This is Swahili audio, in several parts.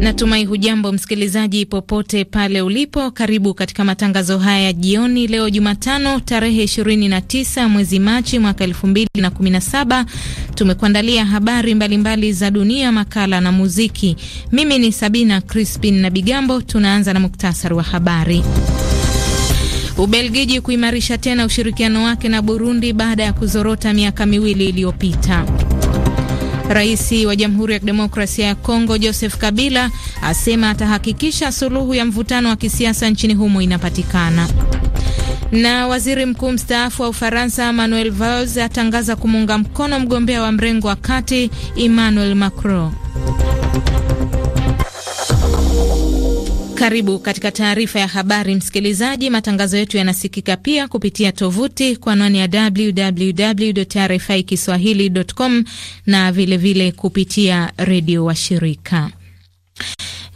Natumai hujambo msikilizaji, popote pale ulipo. Karibu katika matangazo haya ya jioni leo Jumatano tarehe 29 mwezi Machi mwaka 2017. Tumekuandalia habari mbalimbali mbali za dunia, makala na muziki. Mimi ni Sabina Crispin na Bigambo. Tunaanza na muktasari wa habari. Ubelgiji kuimarisha tena ushirikiano wake na Burundi baada ya kuzorota miaka miwili iliyopita. Rais wa Jamhuri ya Kidemokrasia ya Kongo Joseph Kabila asema atahakikisha suluhu ya mvutano wa kisiasa nchini humo inapatikana. Na waziri mkuu mstaafu wa Ufaransa Manuel Valls atangaza kumuunga mkono mgombea wa mrengo wa kati Emmanuel Macron. Karibu katika taarifa ya habari, msikilizaji. Matangazo yetu yanasikika pia kupitia tovuti kwa anwani ya www RFI kiswahilicom na vilevile vile kupitia redio wa shirika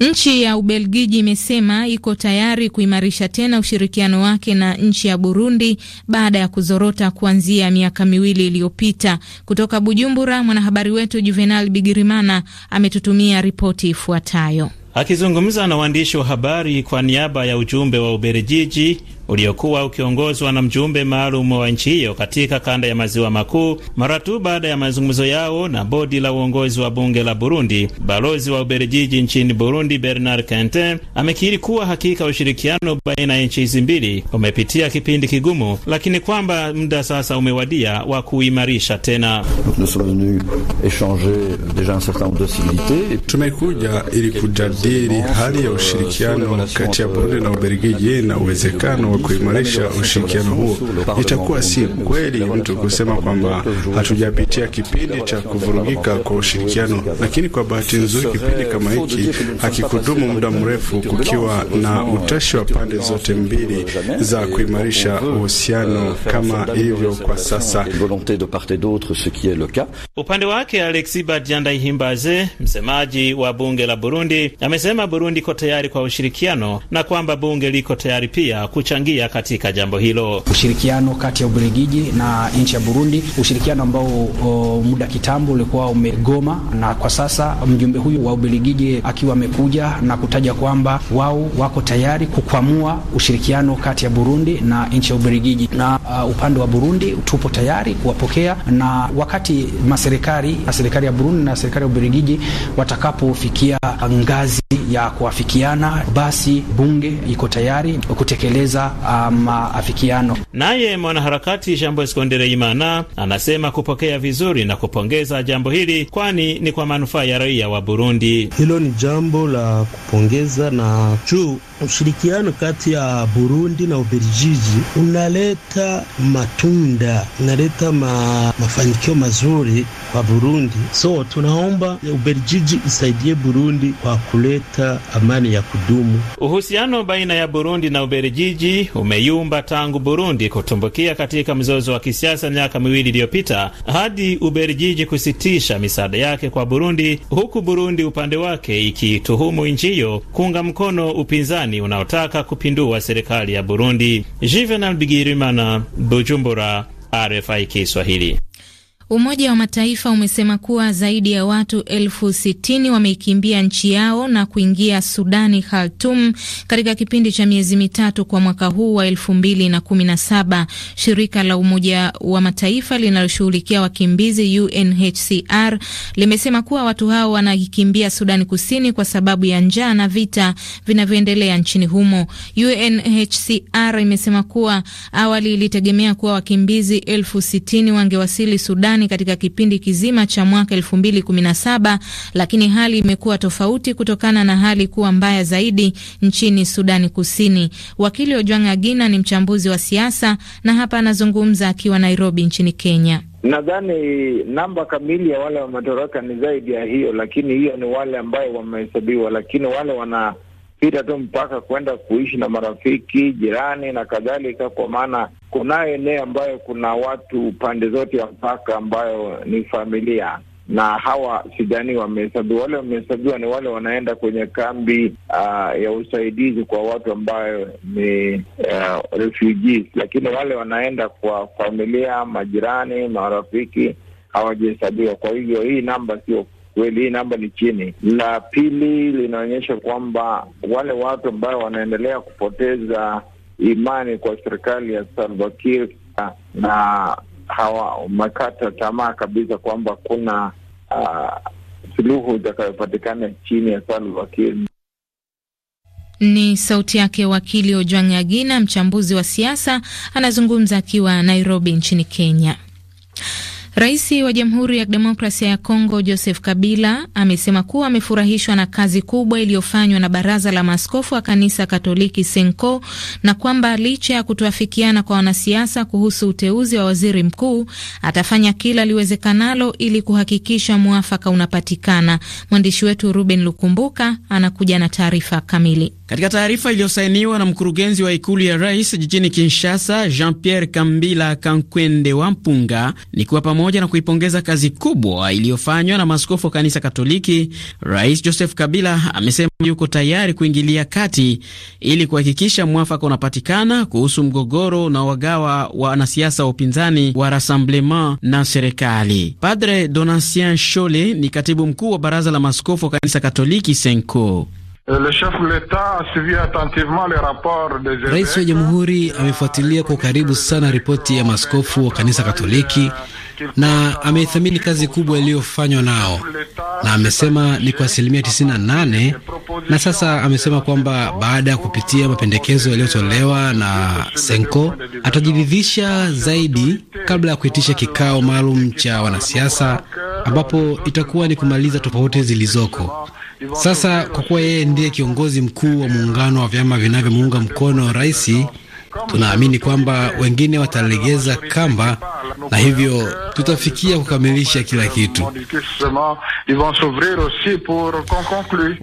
Nchi ya Ubelgiji imesema iko tayari kuimarisha tena ushirikiano wake na nchi ya Burundi baada ya kuzorota kuanzia miaka miwili iliyopita. Kutoka Bujumbura, mwanahabari wetu Juvenal Bigirimana ametutumia ripoti ifuatayo. Akizungumza na waandishi wa habari kwa niaba ya ujumbe wa uberejiji uliokuwa ukiongozwa na mjumbe maalum wa nchi hiyo katika kanda ya maziwa makuu, mara tu baada ya mazungumzo yao na bodi la uongozi wa bunge la Burundi. Balozi wa Ubelgiji nchini Burundi, Bernard Quentin, amekiri kuwa hakika ushirikiano baina ya nchi hizi mbili umepitia kipindi kigumu, lakini kwamba muda sasa umewadia wa kuimarisha tena. Tumekuja ili kujadili hali ya ushirikiano kati ya Burundi na Ubelgiji na uwezekano wa kuimarisha ushirikiano huo. Itakuwa si kweli mtu kusema kwamba hatujapitia kipindi cha kuvurugika kwa ushirikiano, lakini kwa bahati nzuri kipindi kama hiki hakikudumu muda mrefu, kukiwa na utashi wa pande zote mbili za kuimarisha uhusiano kama ilivyo kwa sasa. Upande wake Alexi Badiandaihimbaze, msemaji wa bunge la Burundi, amesema Burundi iko tayari kwa ushirikiano na kwamba bunge liko tayari pia kuchangia kuchangia katika jambo hilo. Ushirikiano kati ya Ubelgiji na nchi ya Burundi, ushirikiano ambao o, muda kitambo ulikuwa umegoma, na kwa sasa mjumbe huyu wa Ubelgiji akiwa amekuja na kutaja kwamba wao wako tayari kukwamua ushirikiano kati ya Burundi na nchi ya Ubelgiji, na uh, upande wa Burundi tupo tayari kuwapokea, na wakati maserikali na serikali ya Burundi na serikali ya Ubelgiji watakapofikia ngazi ya kuafikiana, basi bunge iko tayari kutekeleza ah, maafikiano. Naye mwanaharakati Shambwe Skondere Imana anasema kupokea vizuri na kupongeza jambo hili, kwani ni kwa manufaa ya raia wa Burundi. Hilo ni jambo la kupongeza na juu ushirikiano kati ya Burundi na Ubelgiji unaleta matunda, unaleta ma, mafanikio mazuri kwa Burundi. So tunaomba Ubelgiji isaidie Burundi kwa kuleta amani ya kudumu. Uhusiano baina ya Burundi na Ubelgiji umeyumba tangu Burundi kutumbukia katika mzozo wa kisiasa miaka miwili iliyopita hadi Ubelgiji kusitisha misaada yake kwa Burundi, huku Burundi upande wake ikiituhumu nchi hiyo kuunga mkono upinzani upinzani unaotaka kupindua serikali ya Burundi. Juvenal Bigirimana, Bujumbura, RFI Kiswahili. Umoja wa Mataifa umesema kuwa zaidi ya watu elfu sitini wameikimbia nchi yao na kuingia Sudani, Khartum, katika kipindi cha miezi mitatu kwa mwaka huu wa elfu mbili na kumi na saba. Shirika la Umoja wa Mataifa linaloshughulikia wakimbizi UNHCR limesema kuwa watu hao wanakimbia Sudani Kusini kwa sababu ya njaa na vita vinavyoendelea nchini humo. UNHCR imesema kuwa awali ilitegemea kuwa wakimbizi elfu sitini wangewasili Sudan Marekani katika kipindi kizima cha mwaka 2017 lakini hali imekuwa tofauti kutokana na hali kuwa mbaya zaidi nchini Sudani Kusini. Wakili Ojwang' Agina ni mchambuzi wa siasa na hapa anazungumza akiwa Nairobi nchini Kenya. Nadhani namba kamili ya wale wa madaraka ni zaidi ya hiyo, lakini hiyo ni wale ambao wamehesabiwa, lakini wale wana pita tu mpaka kwenda kuishi na marafiki, jirani na kadhalika, kwa maana kunayo eneo ambayo kuna watu pande zote ya mpaka ambayo ni familia na hawa sidhani wamehesabiwa. Wale wamehesabiwa ni wale wanaenda kwenye kambi uh, ya usaidizi kwa watu ambayo ni uh, refugees, lakini wale wanaenda kwa familia, majirani, marafiki hawajahesabiwa. Kwa hivyo hii namba sio kweli hii namba ni chini. La pili linaonyesha kwamba wale watu ambao wanaendelea kupoteza imani kwa serikali ya Salva Kiir na hawa wamekata tamaa kabisa kwamba kuna uh, suluhu itakayopatikana chini ya Salva Kiir. Ni sauti yake wakili Ojwang' Agina, mchambuzi wa siasa, anazungumza akiwa Nairobi nchini Kenya. Rais wa Jamhuri ya Demokrasia ya Kongo Joseph Kabila amesema kuwa amefurahishwa na kazi kubwa iliyofanywa na Baraza la Maaskofu wa Kanisa Katoliki Senko na kwamba licha ya kutoafikiana kwa wanasiasa kuhusu uteuzi wa waziri mkuu atafanya kila liwezekanalo ili kuhakikisha mwafaka unapatikana. Mwandishi wetu Ruben Lukumbuka anakuja na taarifa kamili. Katika taarifa iliyosainiwa na mkurugenzi wa ikulu ya rais jijini Kinshasa, Jean Pierre Kambila Kankwende Wampunga, kuwa pamoja na kuipongeza kazi kubwa iliyofanywa na maskofu wa kanisa Katoliki, Rais Joseph Kabila amesema yuko tayari kuingilia kati ili kuhakikisha mwafaka unapatikana kuhusu mgogoro na wagawa wa wanasiasa wa upinzani wa Rassemblement na serikali. Padre Donatien chole ni katibu mkuu wa baraza la maskofu wa kanisa Katoliki, Senko. Euh, Rais wa Jamhuri amefuatilia kwa karibu sana ripoti ya maskofu wa kanisa Katoliki na ameithamini kazi kubwa iliyofanywa nao, na amesema ni kwa asilimia 98. Na sasa amesema kwamba baada ya kupitia mapendekezo yaliyotolewa na Senko atajiridhisha zaidi kabla ya kuitisha kikao maalum cha wanasiasa, ambapo itakuwa ni kumaliza tofauti zilizoko. Sasa kwa kuwa yeye ndiye kiongozi mkuu wa muungano wa vyama vinavyomuunga mkono rais, Tunaamini kwamba wengine watalegeza kamba na hivyo tutafikia kukamilisha kila kitu.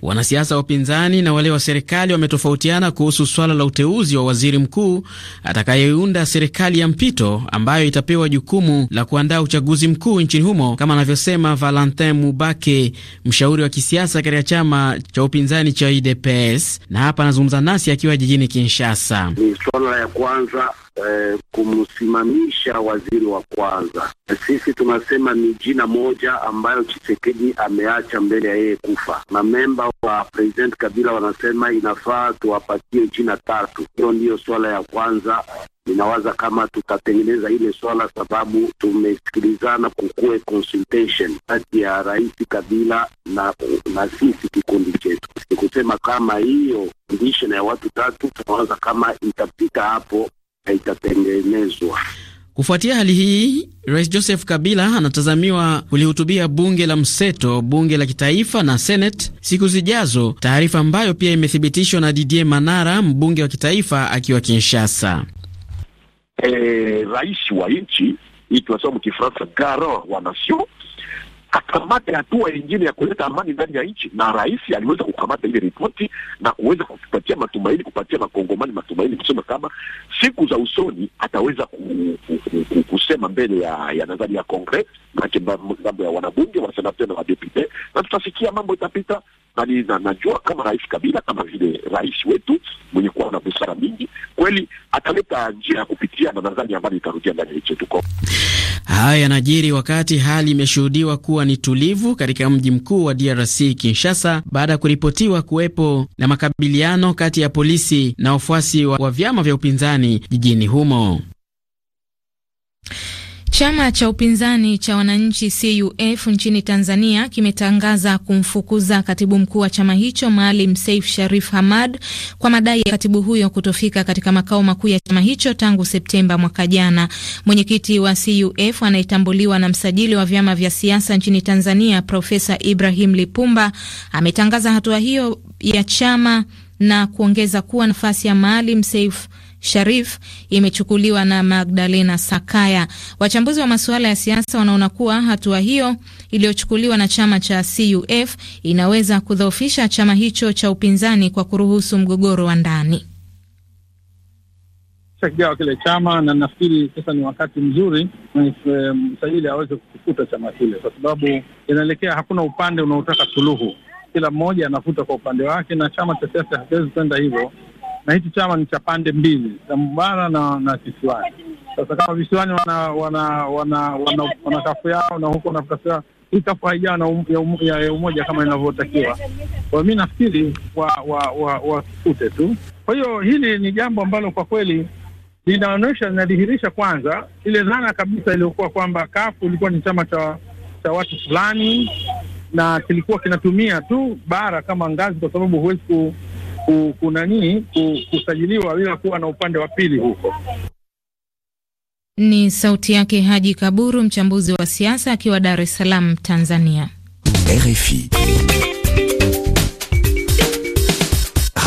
Wanasiasa wa upinzani na wale wa serikali wametofautiana kuhusu swala la uteuzi wa waziri mkuu atakayeunda serikali ya mpito ambayo itapewa jukumu la kuandaa uchaguzi mkuu nchini humo, kama anavyosema Valentin Mubake, mshauri wa kisiasa katika chama cha upinzani cha UDPS, na hapa anazungumza nasi akiwa jijini Kinshasa. Ni swala ya kwanza eh, kumsimamisha waziri wa kwanza. Sisi tunasema ni jina moja ambayo Chisekedi ameacha mbele ya yeye kufa, na memba wa President Kabila wanasema inafaa tuwapatie jina tatu. Hiyo ndiyo swala ya kwanza ninawaza kama tutatengeneza ile swala, sababu tumesikilizana kukuwe consultation kati ya Rais Kabila na, na sisi kikundi chetu. Ni kusema kama hiyo condition ya watu tatu tunawaza kama itapita hapo na itatengenezwa. Kufuatia hali hii, Rais Joseph Kabila anatazamiwa kulihutubia bunge la mseto, bunge la kitaifa na seneti siku zijazo, taarifa ambayo pia imethibitishwa na Didier Manara, mbunge wa kitaifa akiwa Kinshasa eh, rais wa nchi hii tunasema mkifransa garant wa nation akamate hatua yingine ya kuleta amani ndani ya nchi, na rais aliweza kukamata ile ripoti na kuweza kupatia matumaini, kupatia makongomani matumaini, kusema kama siku za usoni ataweza ku, ku, ku, ku, kusema mbele ya ya nadhari ya Kongres, manake ngambo ya wanabunge, wasenate na wadepute, na tutasikia mambo itapita Yaani, na najua kama Rais Kabila kama vile rais wetu mwenye kuwa na busara mingi kweli ataleta njia ya kupitia, na nadhani ambayo itarudia ndani ya nchi yetu. Haya yanajiri wakati hali imeshuhudiwa kuwa ni tulivu katika mji mkuu wa DRC Kinshasa, baada ya kuripotiwa kuwepo na makabiliano kati ya polisi na wafuasi wa, wa vyama vya upinzani jijini humo. Chama cha upinzani cha wananchi CUF nchini Tanzania kimetangaza kumfukuza katibu mkuu wa chama hicho Maalim Seif Sharif Hamad kwa madai ya katibu huyo kutofika katika makao makuu ya chama hicho tangu Septemba mwaka jana. Mwenyekiti wa CUF anayetambuliwa na msajili wa vyama vya siasa nchini Tanzania Profesa Ibrahim Lipumba ametangaza hatua hiyo ya chama na kuongeza kuwa nafasi ya Maalim Seif Sharif imechukuliwa na Magdalena Sakaya. Wachambuzi wa masuala ya siasa wanaona kuwa hatua hiyo iliyochukuliwa na chama cha CUF inaweza kudhoofisha chama hicho cha upinzani kwa kuruhusu mgogoro wa ndani kigawa kile chama na nafikiri sasa ni wakati mzuri eh, msajili aweze kukifuta chama kile, kwa sababu inaelekea hakuna upande unaotaka suluhu, kila mmoja anafuta kwa upande wake, na chama cha siasa hakiwezi kwenda hivyo na hichi chama ni cha pande mbili, mbara na na visiwani. Sasa kama visiwani wana wana wana wana kafu yao na huko na kafu yao, hii kafu haijawa na um, um, ya umoja kama inavyotakiwa. Kwa mi nafikiri wa wa wakifute tu. Kwa hiyo hili ni jambo ambalo kwa kweli linaonyesha linadhihirisha kwanza ile dhana kabisa iliyokuwa kwamba kafu ilikuwa ni chama cha cha watu fulani na kilikuwa kinatumia tu bara kama ngazi, kwa sababu huwezi kunanii kusajiliwa bila kuwa na upande wa pili huko. Ni sauti yake Haji Kaburu, mchambuzi wa siasa akiwa Dar es Salaam, Tanzania, RFI.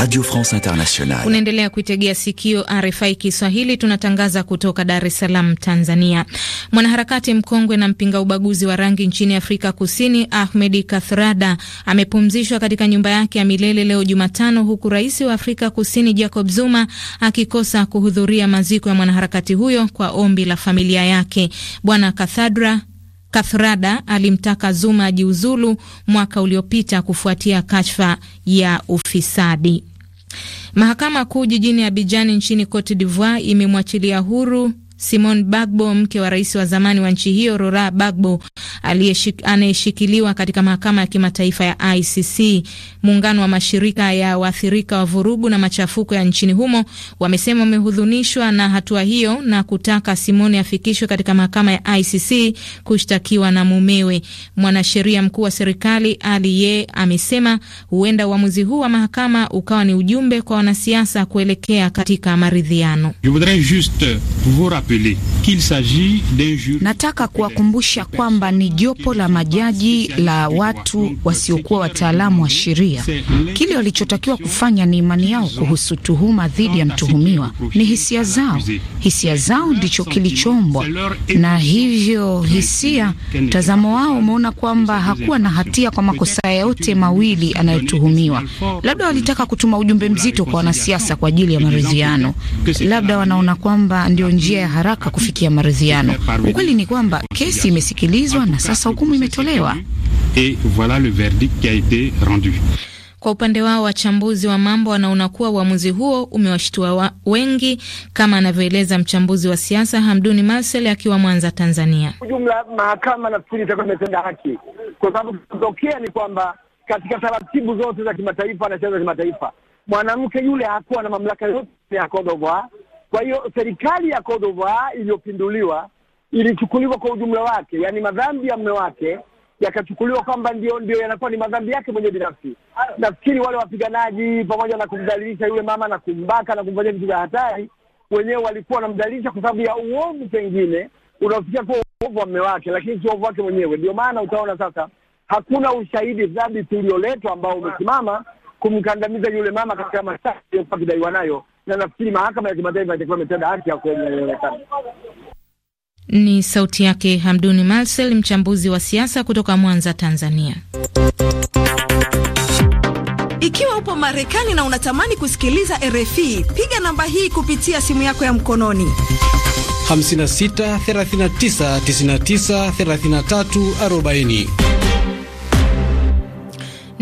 Radio France Internationale. Unaendelea kuitegea sikio RFI Kiswahili, tunatangaza kutoka Dar es Salaam, Tanzania. Mwanaharakati mkongwe na mpinga ubaguzi wa rangi nchini Afrika Kusini, Ahmedi Kathrada amepumzishwa katika nyumba yake ya milele leo Jumatano, huku rais wa Afrika Kusini Jacob Zuma akikosa kuhudhuria maziko ya mwanaharakati huyo kwa ombi la familia yake. Bwana Kathadra Kathrada alimtaka Zuma ajiuzulu mwaka uliopita kufuatia kashfa ya ufisadi. Mahakama Kuu jijini Abijani nchini Cote d'Ivoire imemwachilia huru Simon Bagbo, mke wa rais wa zamani wa nchi hiyo Rora Bagbo anayeshikiliwa katika mahakama ya kimataifa ya ICC. Muungano wa mashirika ya waathirika wa vurugu na machafuko ya nchini humo wamesema wamehudhunishwa na hatua hiyo na kutaka Simon afikishwe katika mahakama ya ICC kushtakiwa na mumewe. Mwanasheria mkuu wa serikali Ali Ye amesema huenda uamuzi huu wa mahakama ukawa ni ujumbe kwa wanasiasa kuelekea katika maridhiano. Nataka kuwakumbusha kwamba ni jopo la majaji la watu wasiokuwa wataalamu wa sheria. Kile walichotakiwa kufanya ni imani yao kuhusu tuhuma dhidi ya mtuhumiwa, ni hisia zao. Hisia zao ndicho kilichombwa, na hivyo hisia, mtazamo wao umeona kwamba hakuwa na hatia kwa makosa yote mawili anayotuhumiwa. Labda walitaka kutuma ujumbe mzito kwa wanasiasa kwa ajili ya maridhiano, labda wanaona kwamba ndio njia ya haraka kufikia maridhiano. Ukweli ni kwamba kesi imesikilizwa na sasa hukumu imetolewa. Kwa upande wao wachambuzi wa mambo wanaona kuwa uamuzi huo umewashtua wa wengi, kama anavyoeleza mchambuzi wa siasa Hamduni Marcel akiwa Mwanza, Tanzania. Ujumla mahakama nafikiri itakuwa imetenda haki, kwa sababu kutokea ni kwamba katika taratibu zote za kimataifa na sheria za kimataifa, mwanamke yule hakuwa na mamlaka yote ya kodovoa kwa hiyo serikali ya Kodova iliyopinduliwa ilichukuliwa kwa ujumla wake, yaani madhambi ya mme wake yakachukuliwa kwamba ndio ndio yanakuwa ni madhambi yake mwenye binafsi. Nafikiri wale wapiganaji, pamoja na kumdhalilisha yule mama na kumbaka na kumfanyia vitu vya hatari, wenyewe walikuwa wanamdhalilisha kwa sababu ya uovu pengine unaofikia kuwa uovu wa mme wake, lakini sio uovu wake mwenyewe. Ndio maana utaona sasa hakuna ushahidi dhabiti ulioletwa ambao umesimama kumkandamiza yule mama katika mashtaka aliyokidaiwa nayo na nafikiri mahakama ya kimataifa itakuwa imetenda haki ya kwenye inayoonekana. Ni sauti yake Hamduni Marsel, mchambuzi wa siasa kutoka Mwanza, Tanzania. Ikiwa upo Marekani na unatamani kusikiliza RFI, piga namba hii kupitia simu yako ya mkononi 56 39 99 33 40.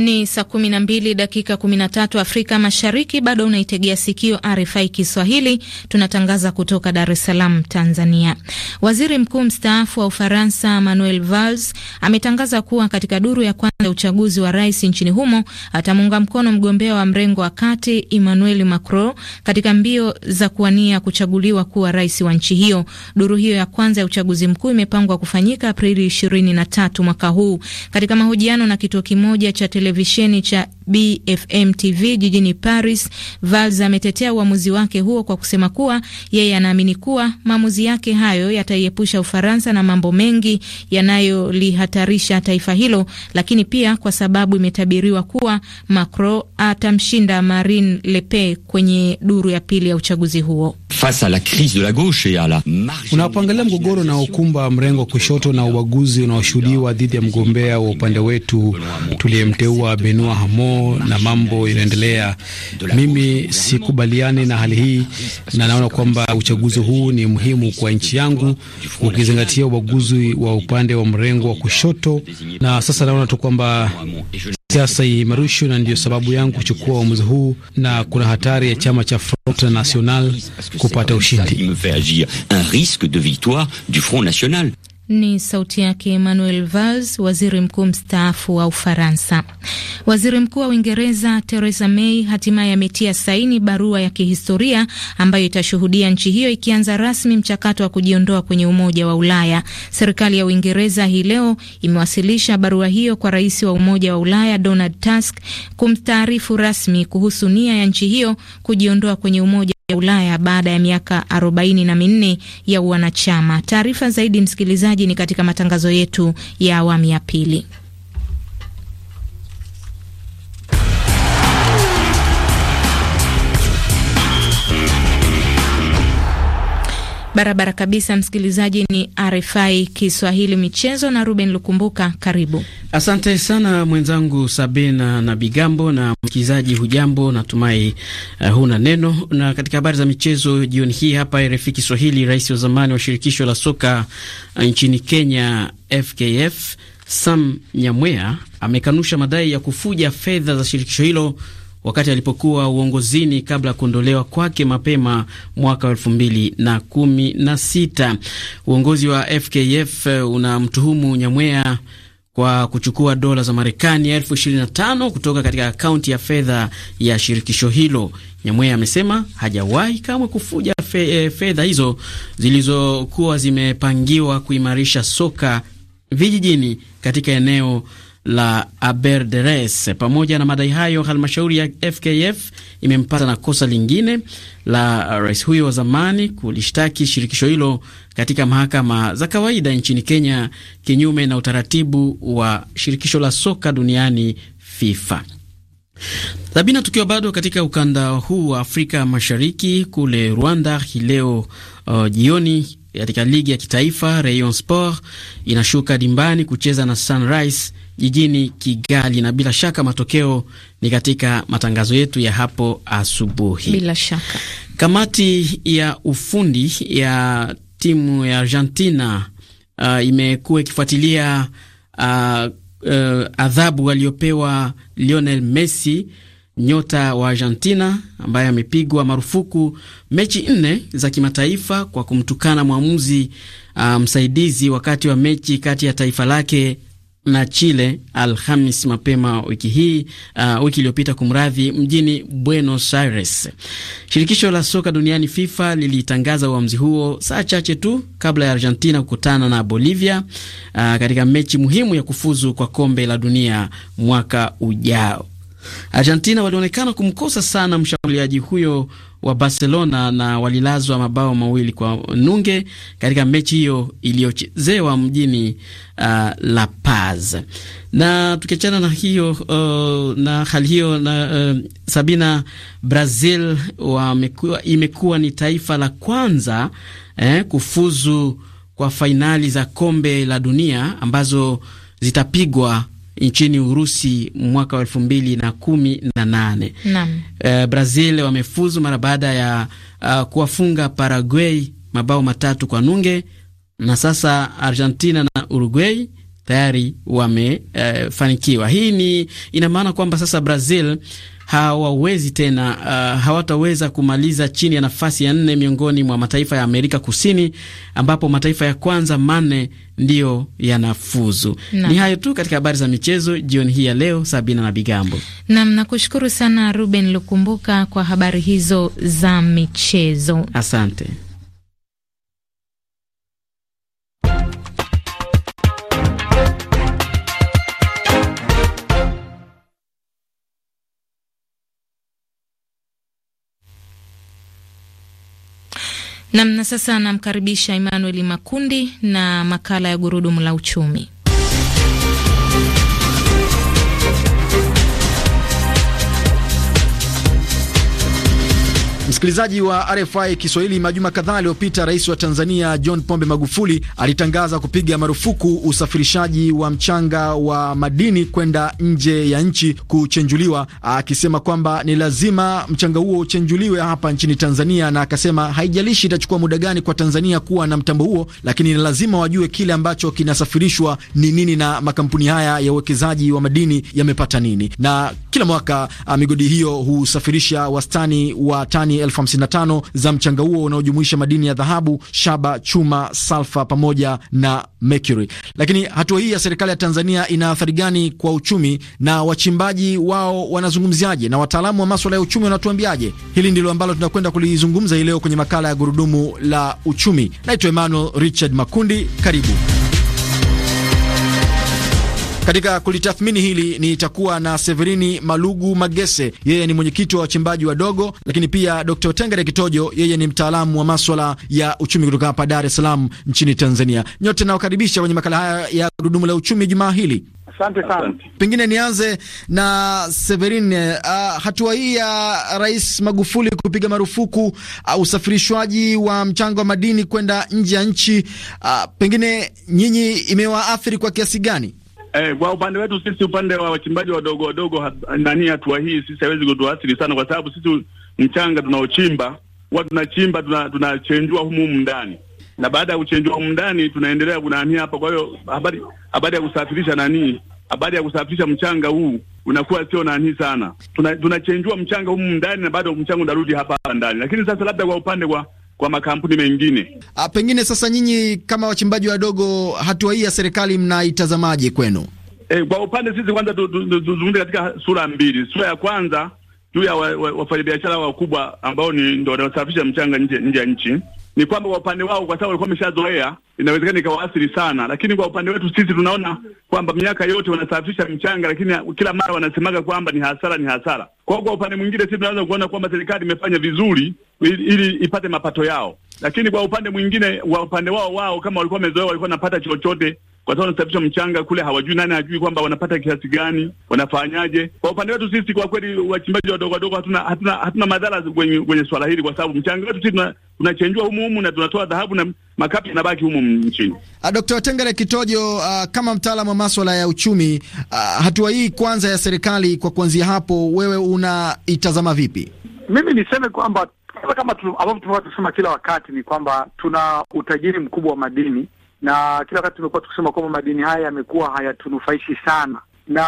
Ni saa mbili dakika tatu Afrika Mashariki. Bado unaitegea sikio RFI Kiswahili, tunatangaza kutoka Dar es Salaam, Tanzania. Waziri mkuu mstaafu wa Ufaransa Manuel Valls ametangaza kuwa katika duru ya kwanza ya uchaguzi wa rais nchini humo atamuunga mkono mgombea wa mrengo wa kati Emmanuel Macron katika mbio za kuwania kuchaguliwa kuwa rais wa nchi hiyo. Duru hiyo ya kwanza ya uchaguzi mkuu imepangwa kufanyika Aprili 23 mwaka huu. Katika mahojiano na kituo kimoja cha tele televisheni cha BFM TV jijini Paris, Valls ametetea uamuzi wake huo kwa kusema kuwa yeye anaamini kuwa maamuzi yake hayo yataiepusha Ufaransa na mambo mengi yanayolihatarisha taifa hilo, lakini pia kwa sababu imetabiriwa kuwa Macron atamshinda Marine Le Pen kwenye duru ya pili ya uchaguzi huo. Unapoangalia mgogoro unaokumba mrengo wa kushoto na ubaguzi unaoshuhudiwa dhidi ya mgombea wa upande wetu tuliyemteua Benoit Hamon na mambo yanaendelea. Mimi sikubaliani na hali hii na naona kwamba uchaguzi huu ni muhimu kwa nchi yangu, ukizingatia ubaguzi wa upande wa mrengo wa kushoto, na sasa naona tu kwamba siasa iimarishwe, na ndiyo sababu yangu kuchukua uamuzi huu, na kuna hatari ya chama cha Front National kupata ushindi. Ni sauti yake Emmanuel Vals, waziri mkuu mstaafu wa Ufaransa. Waziri mkuu wa Uingereza Theresa May hatimaye ametia saini barua ya kihistoria ambayo itashuhudia nchi hiyo ikianza rasmi mchakato wa kujiondoa kwenye Umoja wa Ulaya. Serikali ya Uingereza hii leo imewasilisha barua hiyo kwa rais wa Umoja wa Ulaya Donald Tusk kumtaarifu rasmi kuhusu nia ya nchi hiyo kujiondoa kwenye Umoja ya Ulaya baada ya miaka arobaini na minne ya wanachama Taarifa zaidi, msikilizaji, ni katika matangazo yetu ya awamu ya pili. Barabara kabisa, msikilizaji. Ni RFI Kiswahili michezo na Ruben Lukumbuka, karibu. Asante sana mwenzangu Sabina na Bigambo na msikilizaji, hujambo? Natumai uh, huna neno. Na katika habari za michezo jioni hii hapa RFI Kiswahili, rais wa zamani wa shirikisho la soka uh, nchini Kenya FKF Sam Nyamwea amekanusha madai ya kufuja fedha za shirikisho hilo wakati alipokuwa uongozini kabla ya kuondolewa kwake mapema mwaka wa elfu mbili na kumi na sita. Uongozi wa FKF uh, unamtuhumu Nyamwea kwa kuchukua dola za Marekani elfu ishirini na tano kutoka katika akaunti ya fedha ya shirikisho hilo. Nyamwea amesema hajawahi kamwe kufuja fe, eh, fedha hizo zilizokuwa zimepangiwa kuimarisha soka vijijini katika eneo la Aberderes. Pamoja na madai hayo, halmashauri ya FKF imempata na kosa lingine la rais huyo wa zamani kulishtaki shirikisho hilo katika mahakama za kawaida nchini Kenya, kinyume na utaratibu wa shirikisho la soka duniani FIFA. Sabina, tukiwa bado katika ukanda huu wa Afrika Mashariki, kule Rwanda hii leo uh, jioni katika ligi ya kitaifa Rayon Sport inashuka dimbani kucheza na Sunrise jijini Kigali, na bila shaka matokeo ni katika matangazo yetu ya hapo asubuhi. Bila shaka kamati ya ufundi ya timu ya Argentina uh, imekuwa ikifuatilia uh, uh, adhabu aliyopewa Lionel Messi nyota wa Argentina ambaye amepigwa marufuku mechi nne za kimataifa kwa kumtukana mwamuzi uh, msaidizi wakati wa mechi kati ya taifa lake na Chile Alhamis mapema wiki hii uh, wiki iliyopita kumradhi, mjini Buenos Aires. Shirikisho la soka duniani FIFA lilitangaza uamuzi huo saa chache tu kabla ya Argentina kukutana na Bolivia uh, katika mechi muhimu ya kufuzu kwa kombe la dunia mwaka ujao. Argentina walionekana kumkosa sana mshambuliaji huyo wa Barcelona na walilazwa mabao mawili kwa nunge katika mechi hiyo iliyochezewa mjini uh, La Paz. Na tukiachana na hiyo uh, na hali hiyo na uh, Sabina, Brazil wamekuwa, imekuwa ni taifa la kwanza eh, kufuzu kwa fainali za kombe la dunia ambazo zitapigwa nchini Urusi mwaka wa elfu mbili na kumi na nane. Uh, Brazil wamefuzu mara baada ya uh, kuwafunga Paraguay mabao matatu kwa nunge, na sasa Argentina na Uruguay tayari wamefanikiwa. Eh, uh, hii ni ina maana kwamba sasa Brazil hawawezi tena uh, hawataweza kumaliza chini ya nafasi ya nne miongoni mwa mataifa ya Amerika Kusini, ambapo mataifa ya kwanza manne ndiyo yanafuzu. Ni hayo tu katika habari za michezo jioni hii ya leo. Sabina na Bigambo nam, nakushukuru sana Ruben Lukumbuka kwa habari hizo za michezo, asante. Namna sasa, anamkaribisha Emmanuel Makundi na makala ya gurudumu la uchumi. Msikilizaji wa RFI Kiswahili, majuma kadhaa aliyopita, rais wa Tanzania John Pombe Magufuli alitangaza kupiga marufuku usafirishaji wa mchanga wa madini kwenda nje ya nchi kuchenjuliwa, akisema kwamba ni lazima mchanga huo uchenjuliwe hapa nchini Tanzania, na akasema haijalishi itachukua muda gani kwa Tanzania kuwa na mtambo huo, lakini ni lazima wajue kile ambacho kinasafirishwa ni nini na makampuni haya ya uwekezaji wa madini yamepata nini. Na kila mwaka uh, migodi hiyo husafirisha wastani wa tani elfu hamsini na tano za mchanga huo unaojumuisha madini ya dhahabu, shaba, chuma, salfa pamoja na mercury. Lakini hatua hii ya serikali ya Tanzania ina athari gani kwa uchumi na wachimbaji wao wanazungumziaje, na wataalamu wa maswala ya uchumi wanatuambiaje? Hili ndilo ambalo tunakwenda kulizungumza hii leo kwenye makala ya gurudumu la uchumi. Naitwa Emmanuel Richard Makundi, karibu. Katika kulitathmini hili nitakuwa na Severini Malugu Magese, yeye ni mwenyekiti wa wachimbaji wadogo, lakini pia Dr. Tengere Kitojo, yeye ni mtaalamu wa maswala ya uchumi kutoka hapa Dar es Salaam nchini Tanzania. Nyote nawakaribisha kwenye makala haya ya gurudumu la uchumi jumaa hili. Asante sana. Pengine nianze na Severin. Uh, hatua hii ya Rais Magufuli kupiga marufuku uh, usafirishwaji wa mchango wa madini kwenda nje ya nchi, uh, pengine nyinyi imewaathiri kwa kiasi gani? Eh, kwa upande wetu sisi, upande wa wachimbaji wadogo wadogo, nani, hatua hii sisi hawezi kutuathiri sana, kwa sababu sisi mchanga tunaochimba huwa tunachimba tunachenjua tuna humu ndani, na baada ya kuchenjua humu ndani tunaendelea kunani hapa. Kwa hiyo habari habari ya kusafirisha nani, habari ya kusafirisha mchanga huu unakuwa sio nani sana, tunachenjua tuna mchanga humu ndani, na bado mchanga unarudi hapa ndani. Lakini sasa labda kwa upande kwa kwa makampuni mengine. A, ah, pengine sasa nyinyi kama wachimbaji wadogo hatua hii ya serikali mnaitazamaje kwenu? E, kwa upande sisi kwanza tuzungumze katika sura mbili. Sura ya kwanza juu ya wafanyabiashara wa, wa wakubwa ambao ni ndio wanaosafisha mchanga nje nje ya nchi ni kwamba kwa upande wao, kwa sababu walikuwa wameshazoea, inawezekana ikawaathiri sana, lakini kwa upande wetu sisi tunaona kwamba miaka yote wanasafisha mchanga, lakini kila mara wanasemaga kwamba ni hasara, ni hasara kwao. Kwa upande mwingine, sisi tunaweza kuona kwamba serikali imefanya vizuri ili ipate mapato yao, lakini kwa upande mwingine wa upande wao wao, kama walikuwa wamezoea, walikuwa wanapata chochote kwa sababu wanasafisha mchanga kule, hawajui nani ajui kwamba wanapata kiasi gani, wanafanyaje. Kwa upande wetu sisi, kwa kweli, wachimbaji wadogo wadogo hatuna hatuna, hatuna madhara kwenye, kwenye swala hili, kwa sababu mchanga wetu sisi tunachenjua humu humu na tunatoa dhahabu na makapi yanabaki humu nchini. Ah, Dr. Tengere Kitojo, uh, kama mtaalamu wa maswala ya uchumi, uh, hatua hii kwanza ya serikali, kwa kuanzia hapo, wewe unaitazama vipi? Mimi niseme kwamba kama ambavyo tumekuwa tukisema kila wakati ni kwamba tuna utajiri mkubwa wa madini, na kila wakati tumekuwa tukisema kwamba madini haya yamekuwa hayatunufaishi sana, na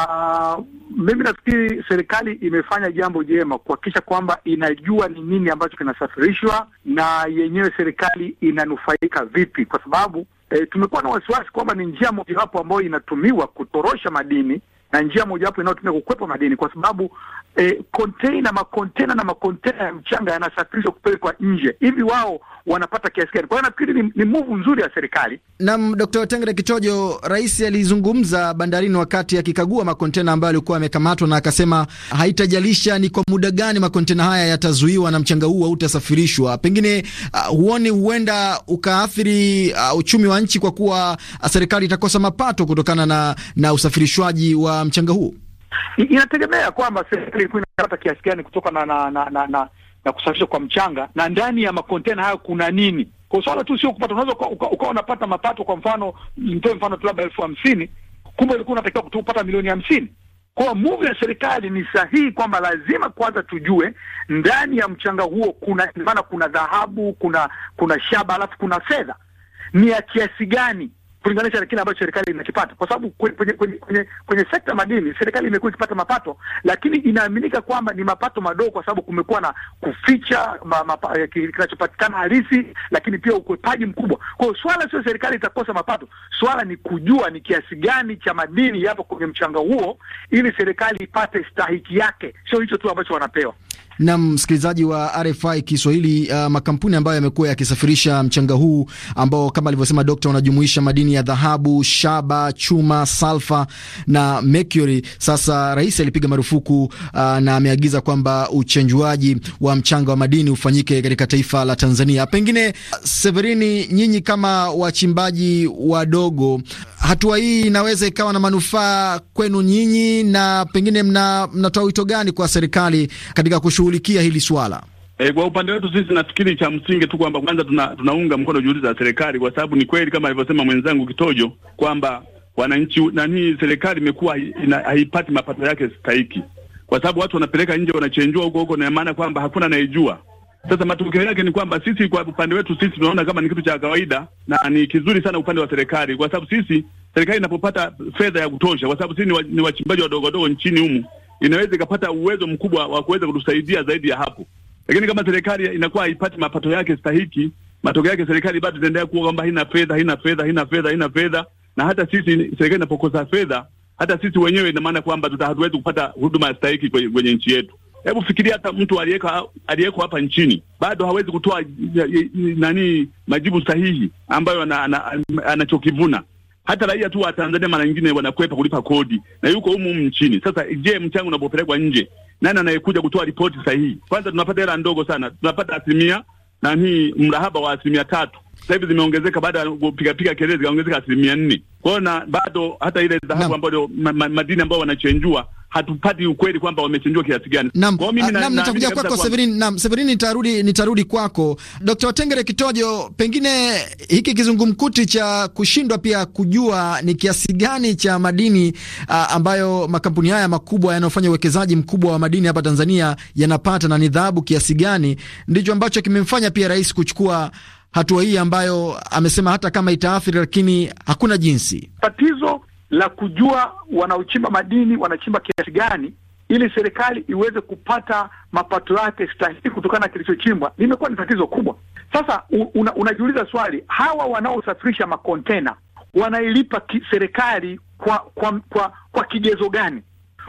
mimi nafikiri serikali imefanya jambo jema kuhakikisha kwamba inajua ni nini ambacho kinasafirishwa na yenyewe serikali inanufaika vipi, kwa sababu e, tumekuwa na wasiwasi kwamba ni njia mojawapo ambayo inatumiwa kutorosha madini na njia mojawapo inayotumia kukwepa madeni, kwa sababu eh, kontena eh, makontena na makontena ya mchanga yanasafirishwa kupelekwa nje. Hivi wao wanapata kiasi gani? Kwa hiyo nafikiri ni, ni muvu nzuri ya serikali. Naam, Dkt. Tengere Kitojo, rais alizungumza bandarini wakati akikagua makontena ambayo alikuwa amekamatwa, na akasema haitajalisha ni kwa muda gani makontena haya yatazuiwa na mchanga huu hautasafirishwa. Pengine ah, huoni uh, huenda ukaathiri uh, uchumi wa nchi kwa kuwa ah, serikali itakosa mapato kutokana na, na usafirishwaji wa mchanga huo? Inategemea kwamba serikali ilikuwa inapata kiasi gani kutoka na, na, na, na, na kusafishwa kwa mchanga na ndani ya makontena hayo kuna nini. Kwa swala tu sio kupata, unaweza ukawa unapata mapato, kwa mfano nitoe mfano tu labda elfu hamsini kumbe ilikuwa unatakiwa kupata milioni hamsini. Kwa muvi ya serikali ni sahihi kwamba lazima kwanza tujue ndani ya mchanga huo kuna maana, kuna dhahabu, kuna kuna shaba, alafu kuna fedha ni ya kiasi gani kulinganisha na kile ambacho serikali inakipata, kwa sababu kwenye, kwenye, kwenye, kwenye sekta madini serikali imekuwa ikipata mapato, lakini inaaminika kwamba ni mapato madogo, kwa sababu kumekuwa na kuficha eh, kinachopatikana halisi, lakini pia ukwepaji mkubwa. Kwa hiyo swala sio serikali itakosa mapato, swala ni kujua ni kiasi gani cha madini yapo kwenye mchanga huo, ili serikali ipate stahiki yake, sio hicho tu ambacho wanapewa. Nam msikilizaji wa RFI Kiswahili, uh, makampuni ambayo yamekuwa yakisafirisha mchanga huu ambao kama alivyosema dokta unajumuisha madini ya dhahabu, shaba, chuma, salfa na mercury. Sasa rais alipiga marufuku uh, na ameagiza kwamba uchenjuaji wa mchanga wa madini ufanyike katika taifa la Tanzania. Pengine Severini, nyinyi kama wachimbaji wadogo, hatua hii inaweza ikawa na manufaa kwenu nyinyi, na pengine mnatoa mna wito gani kwa serikali katika kushu kushughulikia hili swala? E, kwa upande wetu sisi nafikiri cha msingi tu kwamba kwanza tuna, tunaunga mkono juhudi za serikali, kwa sababu ni kweli kama alivyosema mwenzangu Kitojo kwamba wananchi nani, serikali imekuwa haipati mapato yake stahiki, kwa sababu watu wanapeleka nje, wanachenjua huko huko, na maana kwamba hakuna anayejua. Sasa matokeo yake ni kwamba sisi kwa upande wetu sisi tunaona kama ni kitu cha kawaida na ni kizuri sana upande wa serikali, kwa sababu sisi serikali inapopata fedha ya kutosha, kwa sababu sisi ni, wa, ni wachimbaji wadogo wadogo nchini humu inaweza ikapata uwezo mkubwa wa kuweza kutusaidia zaidi ya hapo. Lakini kama serikali inakuwa haipati mapato yake stahiki, matokeo yake serikali bado itaendelea kuwa kwamba haina fedha, haina fedha, haina fedha, haina fedha. Na hata sisi serikali inapokosa fedha, hata sisi wenyewe, ina maana kwamba hatuwezi kupata huduma stahiki kwenye nchi yetu. Hebu fikiria hata mtu aliyeko hapa nchini bado hawezi kutoa nani majibu sahihi ambayo anachokivuna ana, ana, ana hata raia tu wa Tanzania mara nyingine wanakwepa kulipa kodi na yuko humu nchini. Sasa je, mchango unapopelekwa nje, nani anayekuja kutoa ripoti sahihi? Kwanza tunapata hela ndogo sana, tunapata asilimia na hii mrahaba wa asilimia tatu sasa hivi zimeongezeka baada ya kupigapiga kelele zikaongezeka asilimia nne. Kwa hiyo na bado hata ile dhahabu ambayo ma, ma, madini ambayo wanachenjua hatupati ukweli kwamba wamechinjwa kiasi gani. Naam, nitakuja kwako Severin. Naam, Severin, nitarudi nitarudi kwako Dr. Watengere Kitojo, pengine hiki kizungumkuti cha kushindwa pia kujua ni kiasi gani cha madini a, ambayo makampuni haya makubwa yanayofanya uwekezaji mkubwa wa madini hapa Tanzania yanapata na ni dhahabu kiasi gani, ndicho ambacho kimemfanya pia rais kuchukua hatua hii ambayo amesema hata kama itaathiri, lakini hakuna jinsi. Tatizo la kujua wanaochimba madini wanachimba kiasi gani ili serikali iweze kupata mapato yake stahiki kutokana na kilichochimbwa limekuwa ni tatizo kubwa. Sasa una, unajiuliza swali, hawa wanaosafirisha makontena wanailipa serikali kwa, kwa, kwa, kwa kigezo gani?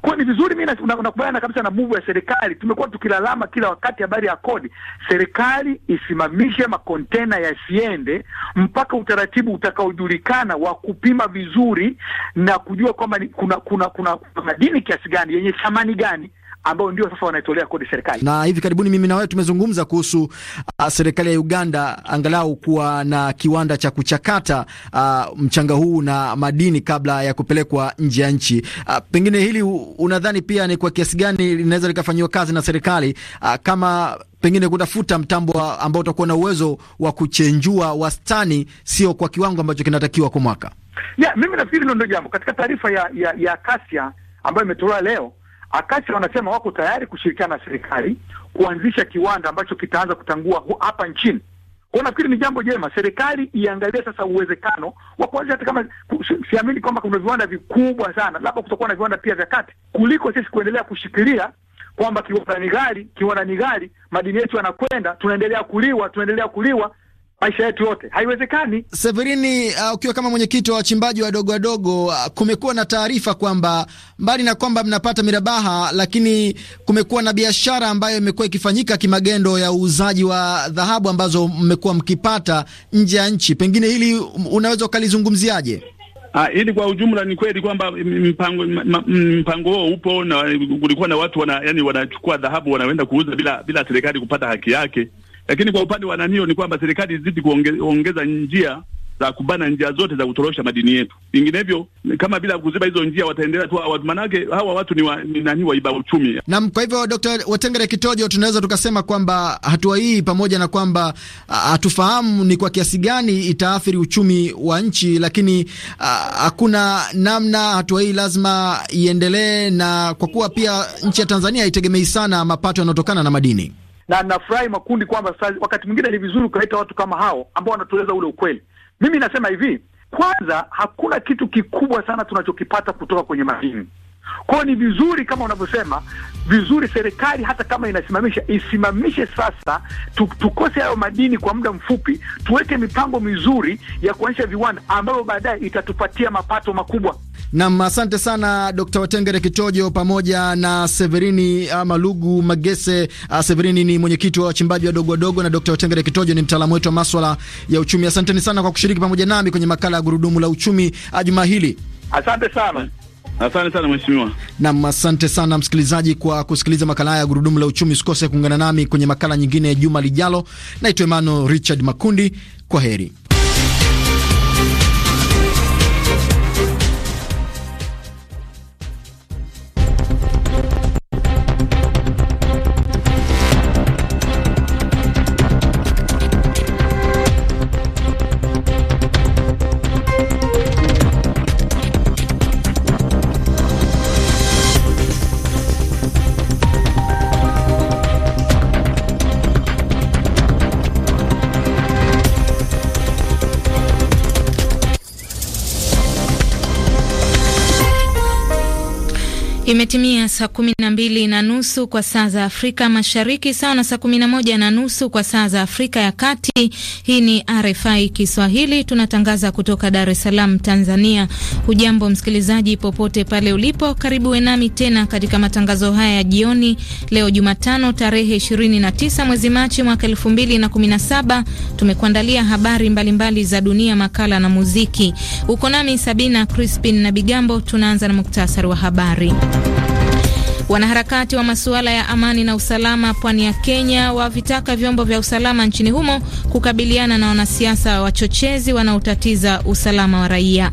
Kwa ni vizuri, mimi nakubaliana kabisa na muvu ya serikali. Tumekuwa tukilalama kila wakati habari ya kodi. Serikali isimamishe makontena yasiende mpaka utaratibu utakaojulikana wa kupima vizuri na kujua kwamba kuna kuna kuna madini kiasi gani yenye thamani gani ambao ndio sasa wanaitolea kodi serikali. Na hivi karibuni mimi na wewe tumezungumza kuhusu uh, serikali ya Uganda angalau kuwa na kiwanda cha kuchakata uh, mchanga huu na madini kabla ya kupelekwa nje ya nchi. Uh, pengine hili unadhani pia ni kwa kiasi gani linaweza likafanyiwa kazi na serikali uh, kama pengine kutafuta mtambo ambao utakuwa na uwezo wa kuchenjua wastani, sio kwa kiwango ambacho kinatakiwa kwa mwaka. Yeah, mimi nafikiri ndio jambo katika taarifa ya, ya, ya Kasia ambayo imetolewa leo akasi wanasema wako tayari kushirikiana na serikali kuanzisha kiwanda ambacho kitaanza kutangua hapa nchini. Kwa nafikiri ni jambo jema, serikali iangalie sasa uwezekano wa kuanzisha, hata kama siamini kwamba kuna viwanda vikubwa sana, labda kutakuwa na viwanda pia vya kati, kuliko sisi kuendelea kushikilia kwamba kiwanda ni ghali, kiwanda ni ghali, madini yetu yanakwenda, tunaendelea kuliwa, tunaendelea kuliwa maisha yetu yote, haiwezekani. Severini, uh, ukiwa kama mwenyekiti wa wachimbaji wadogo wadogo, uh, kumekuwa na taarifa kwamba mbali na kwamba mnapata mirabaha, lakini kumekuwa na biashara ambayo imekuwa ikifanyika kimagendo ya uuzaji wa dhahabu ambazo mmekuwa mkipata nje ya nchi. Pengine hili unaweza ukalizungumziaje? Ah, hili kwa ujumla ni kweli kwamba mpango mpango huo upo na kulikuwa na watu wana, yani wanachukua dhahabu wanaenda kuuza bila bila serikali kupata haki yake. Lakini kwa upande wa nanio ni kwamba serikali izidi kuongeza njia za kubana njia zote za kutorosha madini yetu, vinginevyo kama bila kuziba hizo njia wataendelea tu watu, manake hawa watu ni, wa, ni nani waiba uchumi. Naam, kwa hivyo Dr. Wetengere Kitojo, tunaweza tukasema kwamba hatua hii pamoja na kwamba hatufahamu ni kwa kiasi gani itaathiri uchumi wa nchi, lakini hakuna namna, hatua hii lazima iendelee, na kwa kuwa pia nchi ya Tanzania haitegemei sana mapato yanayotokana na madini na nafurahi Makundi kwamba wakati mwingine ni vizuri ukaita watu kama hao ambao wanatueleza ule ukweli. Mimi nasema hivi, kwanza hakuna kitu kikubwa sana tunachokipata kutoka kwenye madini. Kwa hiyo ni vizuri kama unavyosema vizuri, serikali hata kama inasimamisha isimamishe sasa, tukose hayo madini kwa muda mfupi, tuweke mipango mizuri ya kuonyesha viwanda ambavyo baadaye itatupatia mapato makubwa. Nam, asante sana Dkt. Watengere Kitojo pamoja na Severini ah, Malugu Magese. Ah, Severini ni mwenyekiti wa wachimbaji wadogo wadogo na Dkt. Watengere Kitojo ni mtaalamu wetu wa maswala ya uchumi. Asanteni sana kwa kushiriki pamoja nami kwenye makala ya gurudumu la uchumi ah, juma hili. Asante sana. Asante sana mheshimiwa. Naam, asante sana msikilizaji kwa kusikiliza makala haya ya gurudumu la uchumi. Usikose kuungana nami kwenye makala nyingine juma lijalo. Naitwa Emmanuel Richard Makundi, kwa heri. Imetimia saa kumi na mbili na nusu kwa saa za Afrika Mashariki, sawa na saa kumi na moja na nusu kwa saa za Afrika ya Kati. Hii ni RFI Kiswahili, tunatangaza kutoka Dar es Salaam, Tanzania. Hujambo msikilizaji, popote pale ulipo, karibu wenami tena katika matangazo haya ya jioni leo Jumatano tarehe 29 mwezi Machi mwaka 2017. Tumekuandalia habari mbalimbali mbali za dunia, makala na muziki. Uko nami Sabina Crispin na Bigambo. Tunaanza na muktasari wa habari. Wanaharakati wa masuala ya amani na usalama pwani ya Kenya wavitaka vyombo vya usalama nchini humo kukabiliana na wanasiasa wachochezi wanaotatiza usalama wa raia.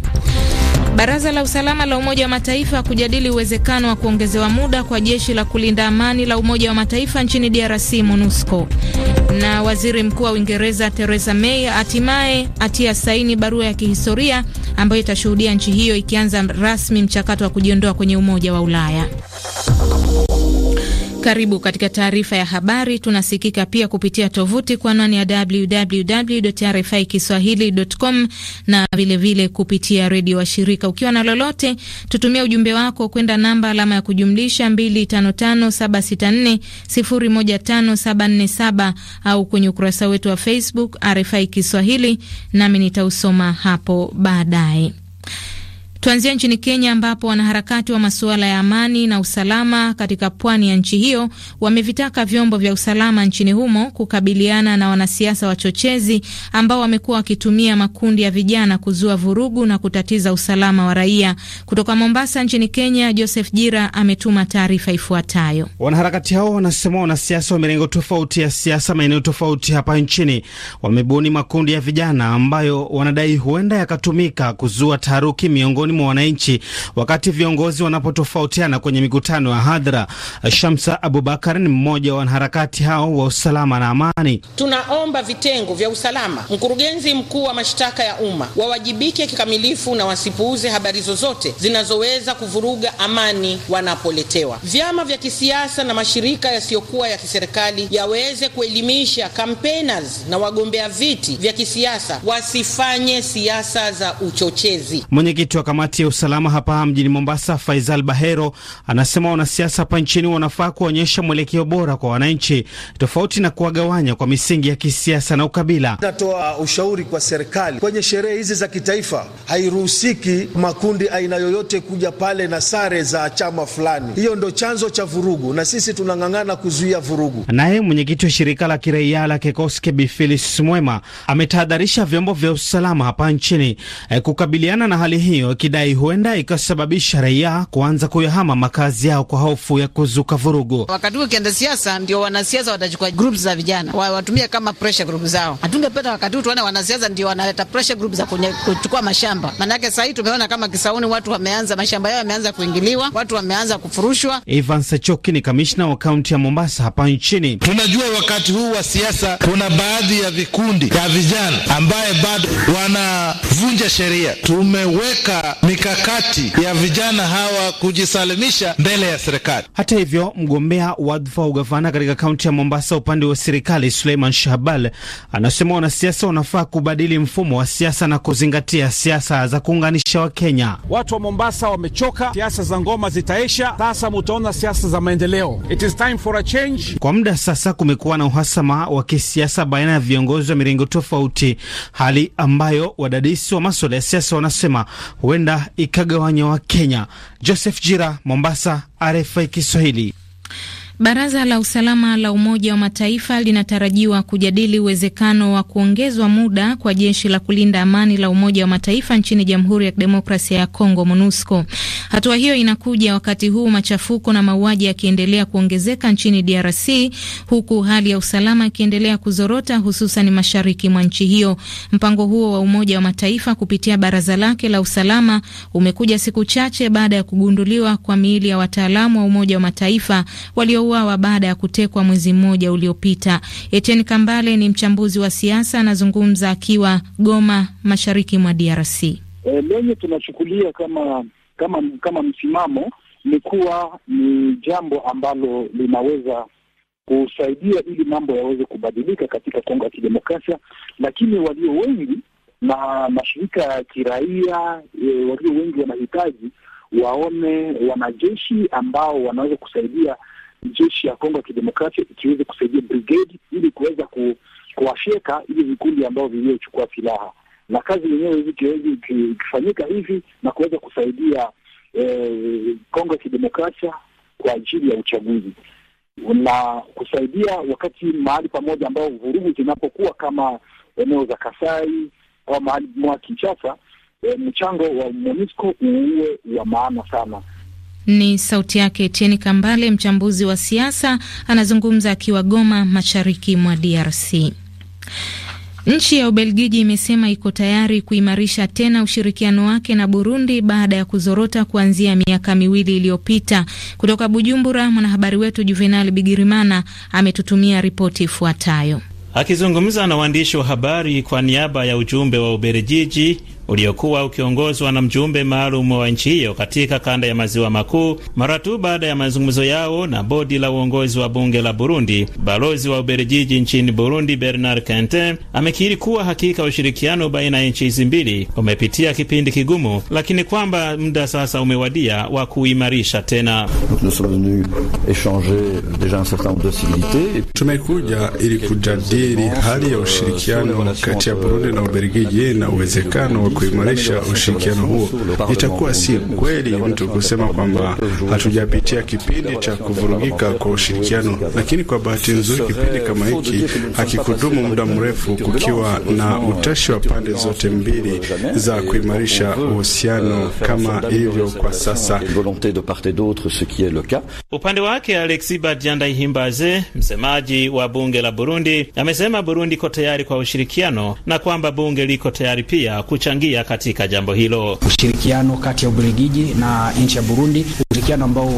Baraza la usalama la Umoja wa Mataifa kujadili uwezekano wa kuongezewa muda kwa jeshi la kulinda amani la Umoja wa Mataifa nchini DRC, MONUSCO. Na waziri mkuu wa Uingereza Theresa May hatimaye atia saini barua ya kihistoria ambayo itashuhudia nchi hiyo ikianza rasmi mchakato wa kujiondoa kwenye Umoja wa Ulaya. Karibu katika taarifa ya habari. Tunasikika pia kupitia tovuti kwa anwani ya rfi kiswahili.com na vilevile vile kupitia redio wa shirika. Ukiwa na lolote, tutumia ujumbe wako kwenda namba alama ya kujumlisha 255764015747 au kwenye ukurasa wetu wa Facebook RFI Kiswahili, nami nitausoma hapo baadaye. Tuanzia nchini Kenya ambapo wanaharakati wa masuala ya amani na usalama katika pwani ya nchi hiyo wamevitaka vyombo vya usalama nchini humo kukabiliana na wanasiasa wachochezi ambao wamekuwa wakitumia makundi ya vijana kuzua vurugu na kutatiza usalama wa raia. Kutoka Mombasa nchini Kenya, Joseph Jira ametuma taarifa ifuatayo. Wanaharakati hao wanasema wanasiasa wa mirengo tofauti ya siasa maeneo tofauti hapa nchini wamebuni makundi ya vijana ambayo wanadai huenda yakatumika kuzua taharuki miongoni miongoni mwa wananchi wakati viongozi wanapotofautiana kwenye mikutano ya hadhara. Shamsa Abubakar ni mmoja wa wanaharakati hao wa usalama na amani. Tunaomba vitengo vya usalama, mkurugenzi mkuu wa mashtaka ya umma wawajibike kikamilifu na wasipuuze habari zozote zinazoweza kuvuruga amani wanapoletewa. Vyama vya kisiasa na mashirika yasiyokuwa ya kiserikali yaweze kuelimisha campaigners na wagombea viti vya kisiasa wasifanye siasa za uchochezi. Mwenyekiti wa kamati ya usalama hapa mjini Mombasa, Faisal Bahero, anasema wanasiasa hapa nchini wanafaa kuonyesha mwelekeo bora kwa wananchi, tofauti na kuwagawanya kwa misingi ya kisiasa na ukabila. Natoa ushauri kwa serikali, kwenye sherehe hizi za kitaifa hairuhusiki makundi aina yoyote kuja pale na sare za chama fulani. Hiyo ndo chanzo cha vurugu, na sisi tunang'ang'ana kuzuia vurugu. Naye mwenyekiti wa shirika la kiraia la Kekoske Bifilis Mwema ametahadharisha vyombo vya usalama hapa nchini eh, kukabiliana na hali hiyo akidai huenda ikasababisha raia kuanza kuyahama makazi yao kwa hofu ya kuzuka vurugu. Wakati huu ukienda siasa, ndio wanasiasa watachukua grup za vijana wawatumie kama pressure group zao. Hatungependa wakati huu tuone wanasiasa ndio wanaleta pressure group za kuchukua mashamba, maanake sahii tumeona kama Kisauni watu wameanza mashamba yao yameanza kuingiliwa, watu wameanza kufurushwa. Evan Sachoki ni kamishna wa kaunti ya Mombasa hapa nchini. Tunajua wakati huu wa siasa kuna baadhi ya vikundi ya vijana ambaye bado wanavunja sheria. Tumeweka mikakati ya vijana hawa kujisalimisha mbele ya serikali. Hata hivyo, mgombea wadhifa wa ugavana katika kaunti ya Mombasa upande wa serikali, Suleiman Shahbal, anasema wanasiasa wanafaa kubadili mfumo wa siasa na kuzingatia siasa za kuunganisha Wakenya. Watu wa Mombasa wamechoka, siasa za ngoma zitaisha, sasa mutaona siasa za maendeleo. It is time for a change. Kwa muda sasa kumekuwa na uhasama wa kisiasa baina ya viongozi wa mirengo tofauti, hali ambayo wadadisi wa maswala ya siasa wanasema huenda huenda ikagawanya kenya Joseph Jira, Mombasa, RFI Kiswahili. Baraza la usalama la Umoja wa Mataifa linatarajiwa kujadili uwezekano wa kuongezwa muda kwa jeshi la kulinda amani la Umoja wa Mataifa nchini Jamhuri ya Kidemokrasia ya Kongo, MONUSCO. Hatua hiyo inakuja wakati huu machafuko na mauaji yakiendelea kuongezeka nchini DRC, huku hali ya usalama ikiendelea kuzorota, hususan mashariki mwa nchi hiyo. Mpango huo wa Umoja wa Mataifa kupitia baraza lake la usalama umekuja siku chache baada ya kugunduliwa kwa miili ya wataalamu wa Umoja wa Mataifa walio ameuawa baada ya kutekwa mwezi mmoja uliopita. Etienne Kambale ni mchambuzi wa siasa, anazungumza akiwa Goma, mashariki mwa DRC. E, lenye tunachukulia kama kama kama msimamo ni kuwa ni jambo ambalo linaweza kusaidia ili mambo yaweze kubadilika katika Kongo ya Kidemokrasia, lakini walio wengi na mashirika ya kiraia e, walio wengi wanahitaji waone wanajeshi ambao wanaweza kusaidia jeshi ya Kongo ya Kidemokrasia ikiweze kusaidia brigedi ili kuweza ku, kuwafyeka hivi vikundi ambavyo viliochukua silaha, na kazi yenyewe hivi ikifanyika hivi na kuweza kusaidia eh, Kongo ya Kidemokrasia kwa ajili ya uchaguzi na kusaidia wakati mahali pamoja ambao vurugu zinapokuwa kama eneo za Kasai au mahali mwa Kinshasa, e, mchango wa MONUSCO uwe wa maana sana. Ni sauti yake Tieni Kambale, mchambuzi wa siasa, anazungumza akiwa Goma, mashariki mwa DRC. Nchi ya Ubelgiji imesema iko tayari kuimarisha tena ushirikiano wake na Burundi baada ya kuzorota kuanzia miaka miwili iliyopita. Kutoka Bujumbura, mwanahabari wetu Juvenal Bigirimana ametutumia ripoti ifuatayo. Akizungumza na waandishi wa habari kwa niaba ya ujumbe wa Ubelgiji, uliokuwa ukiongozwa na mjumbe maalum wa nchi hiyo katika kanda ya maziwa makuu, mara tu baada ya mazungumzo yao na bodi la uongozi wa bunge la Burundi. Balozi wa Ubelgiji nchini Burundi, Bernard Quentin, amekiri kuwa hakika ushirikiano baina ya nchi hizi mbili umepitia kipindi kigumu, lakini kwamba muda sasa umewadia wa kuimarisha tena. Tumekuja ili kujadili hali ya ushirikiano kati ya Burundi na Ubelgiji na uwezekano kuimarisha ushirikiano huo. Itakuwa si kweli mtu kusema kwamba hatujapitia kipindi cha kuvurugika kwa ushirikiano, lakini kwa bahati nzuri kipindi kama hiki hakikudumu muda mrefu, kukiwa na utashi wa pande zote mbili za kuimarisha uhusiano kama ilivyo kwa sasa. Upande wake Alexis Badiandayihimbaze, msemaji wa bunge la Burundi, amesema Burundi iko tayari kwa ushirikiano na kwamba bunge liko tayari pia kuchangia kuchangia katika jambo hilo. Ushirikiano kati ya Ubelgiji na nchi ya Burundi, ushirikiano ambao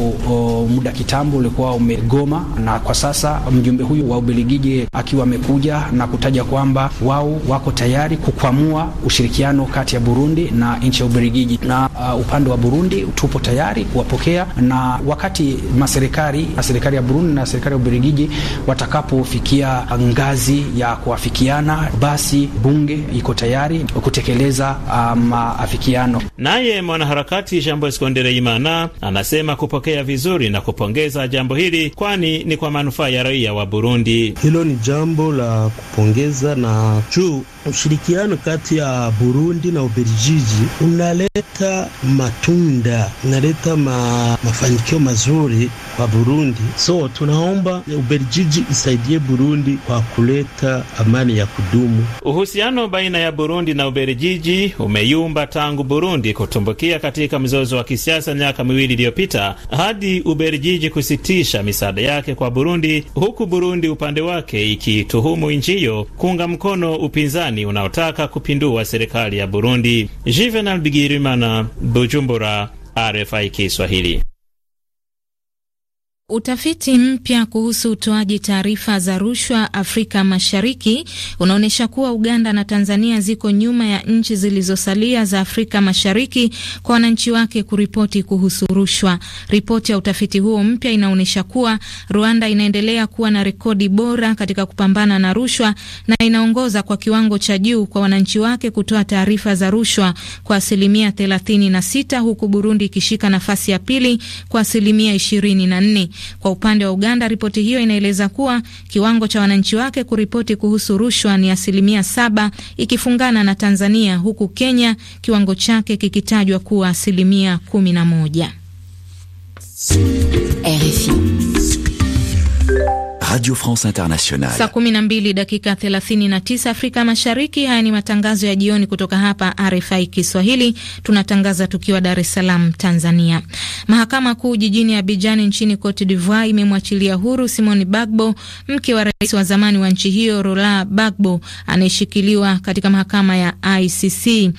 muda kitambo ulikuwa umegoma, na kwa sasa mjumbe huyu wa Ubelgiji akiwa amekuja na kutaja kwamba wao wako tayari kukwamua ushirikiano kati ya Burundi na nchi ya Ubelgiji, na uh, upande wa Burundi tupo tayari kuwapokea, na wakati maserikali serikali ya Burundi na serikali ya Ubelgiji watakapofikia ngazi ya kuafikiana, basi bunge iko tayari kutekeleza maafikiano. Um, Naye mwanaharakati Jambo Skondere Imana anasema kupokea vizuri na kupongeza jambo hili, kwani ni kwa manufaa ya raia wa Burundi. Hilo ni jambo la kupongeza na juu ushirikiano kati ya Burundi na Ubelgiji unaleta matunda, unaleta ma, mafanikio mazuri kwa Burundi. So tunaomba Ubelgiji isaidie Burundi kwa kuleta amani ya kudumu. Uhusiano baina ya Burundi na Ubelgiji umeyumba tangu Burundi kutumbukia katika mzozo wa kisiasa miaka miwili iliyopita hadi uberjiji kusitisha misaada yake kwa Burundi, huku Burundi upande wake ikituhumu nchi hiyo kuunga mkono upinzani unaotaka kupindua serikali ya Burundi. Juvenal Bigirimana, Bujumbura, RFI Kiswahili. Utafiti mpya kuhusu utoaji taarifa za rushwa Afrika Mashariki unaonyesha kuwa Uganda na Tanzania ziko nyuma ya nchi zilizosalia za Afrika Mashariki kwa wananchi wake kuripoti kuhusu rushwa. Ripoti ya utafiti huo mpya inaonyesha kuwa Rwanda inaendelea kuwa na rekodi bora katika kupambana na rushwa na inaongoza kwa kiwango cha juu kwa wananchi wake kutoa taarifa za rushwa kwa asilimia 36 huku Burundi ikishika nafasi ya pili kwa asilimia 24. Kwa upande wa Uganda, ripoti hiyo inaeleza kuwa kiwango cha wananchi wake kuripoti kuhusu rushwa ni asilimia saba ikifungana na Tanzania, huku Kenya kiwango chake kikitajwa kuwa asilimia kumi na moja. RFI Radio France Internationale. Saa 12 dakika 39 Afrika Mashariki. Haya ni matangazo ya jioni kutoka hapa RFI Kiswahili. Tunatangaza tukiwa Dar es Salaam, Tanzania. Mahakama Kuu jijini Abidjan nchini Cote d'Ivoire imemwachilia huru simon Bagbo, mke wa rais wa zamani wa nchi hiyo Roland Bagbo, anayeshikiliwa katika mahakama ya ICC.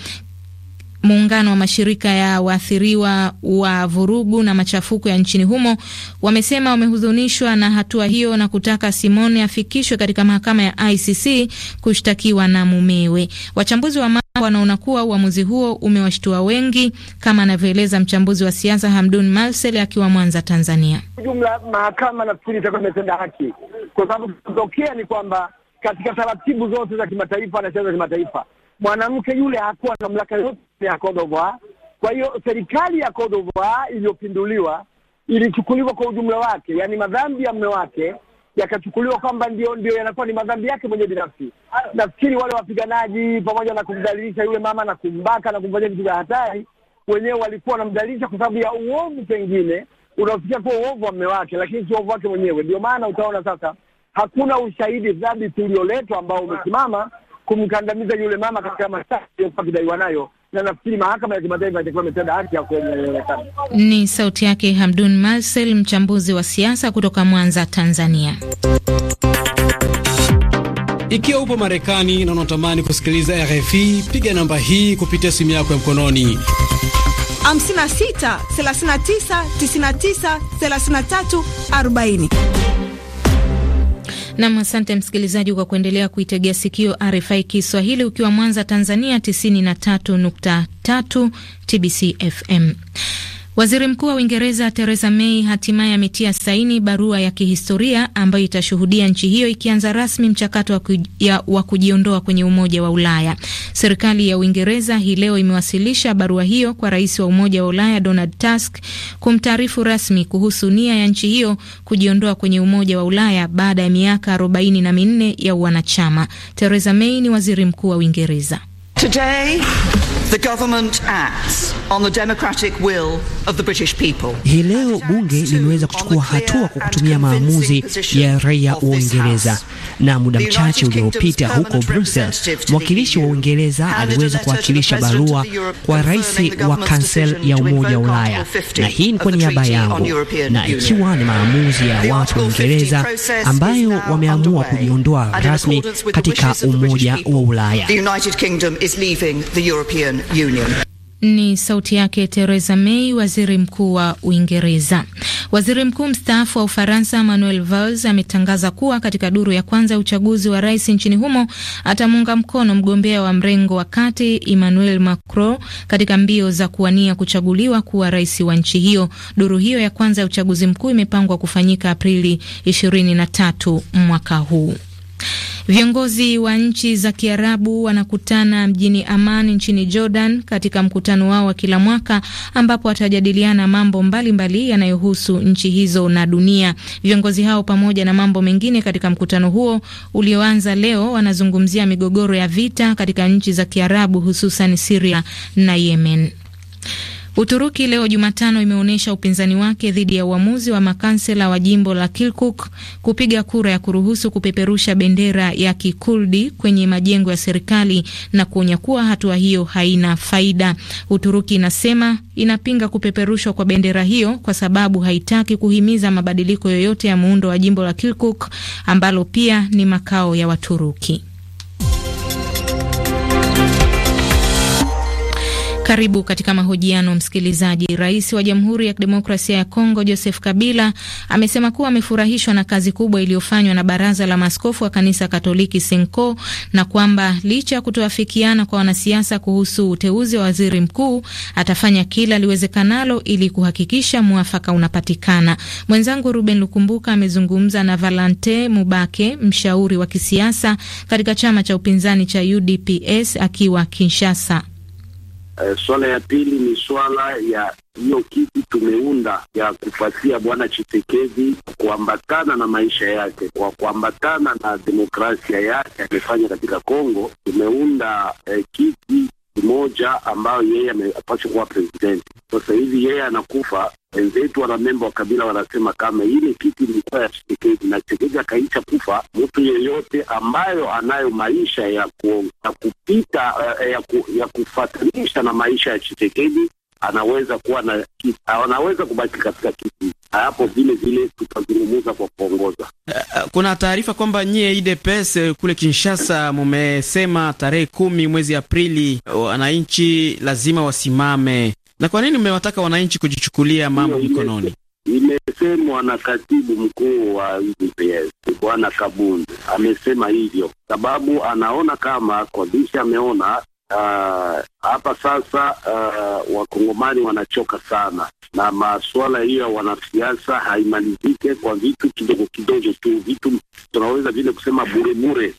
Muungano wa mashirika ya waathiriwa wa vurugu na machafuko ya nchini humo wamesema wamehuzunishwa na hatua hiyo na kutaka Simone afikishwe katika mahakama ya ICC kushtakiwa na mumewe. Wachambuzi wa mambo wanaona kuwa uamuzi huo umewashtua wengi, kama anavyoeleza mchambuzi wa siasa Hamdun Malsel akiwa Mwanza, Tanzania. Jumla mahakama nafikiri itakuwa imetenda haki, kwa sababu kutokea ni kwamba katika taratibu zote za kimataifa na sheria za kimataifa mwanamke yule hakuwa mamlaka yote ya Kodova. Kwa hiyo serikali ya Kodova iliyopinduliwa ilichukuliwa kwa ujumla wake, yaani madhambi ya mume wake yakachukuliwa kwamba ndio ndio yanakuwa ni madhambi yake mwenyewe binafsi. Nafikiri wale wapiganaji pamoja na kumdhalilisha yule mama na kumbaka na kumfanyia vitu vya hatari, wenyewe walikuwa wanamdhalilisha kwa sababu ya uovu pengine unafikia kuwa uovu wa mume wake, lakini si uovu wake mwenyewe. Ndio maana utaona sasa hakuna ushahidi thabiti ulioletwa ambao umesimama kumkandamiza yule mama katika masaa aliyokuwa akidaiwa nayo, na nafikiri mahakama ya kimataifa itakuwa imetenda haki ya kweli Ni sauti yake Hamdun Marcel, mchambuzi wa siasa kutoka Mwanza, Tanzania. Ikiwa upo Marekani na unatamani kusikiliza RFI, piga namba hii kupitia simu yako ya mkononi 56 39 99 33 40. Nam, asante msikilizaji kwa kuendelea kuitegea sikio RFI Kiswahili ukiwa Mwanza, Tanzania 93.3 TBC FM. Waziri Mkuu wa Uingereza Theresa May hatimaye ametia saini barua ya kihistoria ambayo itashuhudia nchi hiyo ikianza rasmi mchakato wa kujiondoa kwenye Umoja wa Ulaya. Serikali ya Uingereza hii leo imewasilisha barua hiyo kwa rais wa Umoja wa Ulaya Donald Tusk kumtaarifu rasmi kuhusu nia ya nchi hiyo kujiondoa kwenye Umoja wa Ulaya baada ya miaka arobaini na minne ya uwanachama. Theresa May ni waziri mkuu wa Uingereza. Today, The government acts on the democratic will of the British people. Hii leo bunge limeweza kuchukua hatua kwa kutumia maamuzi ya raia wa Uingereza, na muda mchache uliopita huko Brussels, mwakilishi wa e Uingereza aliweza kuwakilisha barua kwa rais wa kansel ya Umoja wa Ulaya, na hii ni kwa niaba yangu, na ikiwa ni maamuzi ya watu wa Uingereza ambayo wameamua kujiondoa rasmi katika Umoja wa Ulaya. European Union. Ni sauti yake Theresa May, waziri mkuu wa Uingereza. Waziri mkuu mstaafu wa Ufaransa Manuel Valls ametangaza kuwa katika duru ya kwanza ya uchaguzi wa rais nchini humo atamuunga mkono mgombea wa mrengo wa kati Emmanuel Macron katika mbio za kuwania kuchaguliwa kuwa rais wa nchi hiyo. Duru hiyo ya kwanza ya uchaguzi mkuu imepangwa kufanyika Aprili 23 mwaka huu. Viongozi wa nchi za Kiarabu wanakutana mjini Amman nchini Jordan katika mkutano wao wa kila mwaka ambapo watajadiliana mambo mbalimbali yanayohusu nchi hizo na dunia. Viongozi hao pamoja na mambo mengine katika mkutano huo ulioanza leo wanazungumzia migogoro ya vita katika nchi za Kiarabu hususan siria na Yemen. Uturuki leo Jumatano imeonyesha upinzani wake dhidi ya uamuzi wa makansela wa jimbo la Kirkuk kupiga kura ya kuruhusu kupeperusha bendera ya Kikurdi kwenye majengo ya serikali na kuonya kuwa hatua hiyo haina faida. Uturuki inasema inapinga kupeperushwa kwa bendera hiyo kwa sababu haitaki kuhimiza mabadiliko yoyote ya muundo wa jimbo la Kirkuk ambalo pia ni makao ya Waturuki. Karibu katika mahojiano msikilizaji. Rais wa Jamhuri ya Kidemokrasia ya Kongo Joseph Kabila amesema kuwa amefurahishwa na kazi kubwa iliyofanywa na Baraza la Maaskofu wa Kanisa Katoliki Senko na kwamba licha ya kutoafikiana kwa wanasiasa kuhusu uteuzi wa waziri mkuu atafanya kila liwezekanalo ili kuhakikisha mwafaka unapatikana. Mwenzangu Ruben Lukumbuka amezungumza na Valante Mubake, mshauri wa kisiasa katika chama cha upinzani cha UDPS akiwa Kinshasa. Uh, swala ya pili ni swala ya hiyo kiti tumeunda ya kufuatia Bwana Chisekedi kuambatana na maisha yake kwa kuambatana na demokrasia yake amefanya katika Kongo. Tumeunda uh, kiti kimoja ambayo yeye amepaswa kuwa presidenti. Sasa hivi yeye anakufa, wenzetu wanamemba wa kabila wanasema kama ile kiti ilikuwa ya Chisekedi na Chisekedi akaisha kufa, mtu yeyote ambayo anayo maisha ya, ku, ya kupita eh, ya, ku, ya kufatanisha na maisha ya Chisekedi anaweza kuwa na kiti, anaweza kubaki katika kiti hapo vile vile tutazungumza kwa kuongoza. Eh, eh, kuna taarifa kwamba nyie IDPS kule Kinshasa mumesema tarehe kumi mwezi Aprili wananchi lazima wasimame. Na kwa nini mmewataka wananchi kujichukulia mambo mikononi? Imesemwa na katibu mkuu wa UDPS Bwana Kabunde amesema hivyo, sababu anaona kama kwa jinsi ameona ah, hapa uh, sasa uh, wakongomani wanachoka sana na masuala hiyo ya wanasiasa haimalizike kwa vitu kidogo kidogo tu, vitu tunaweza vile kusema burebure,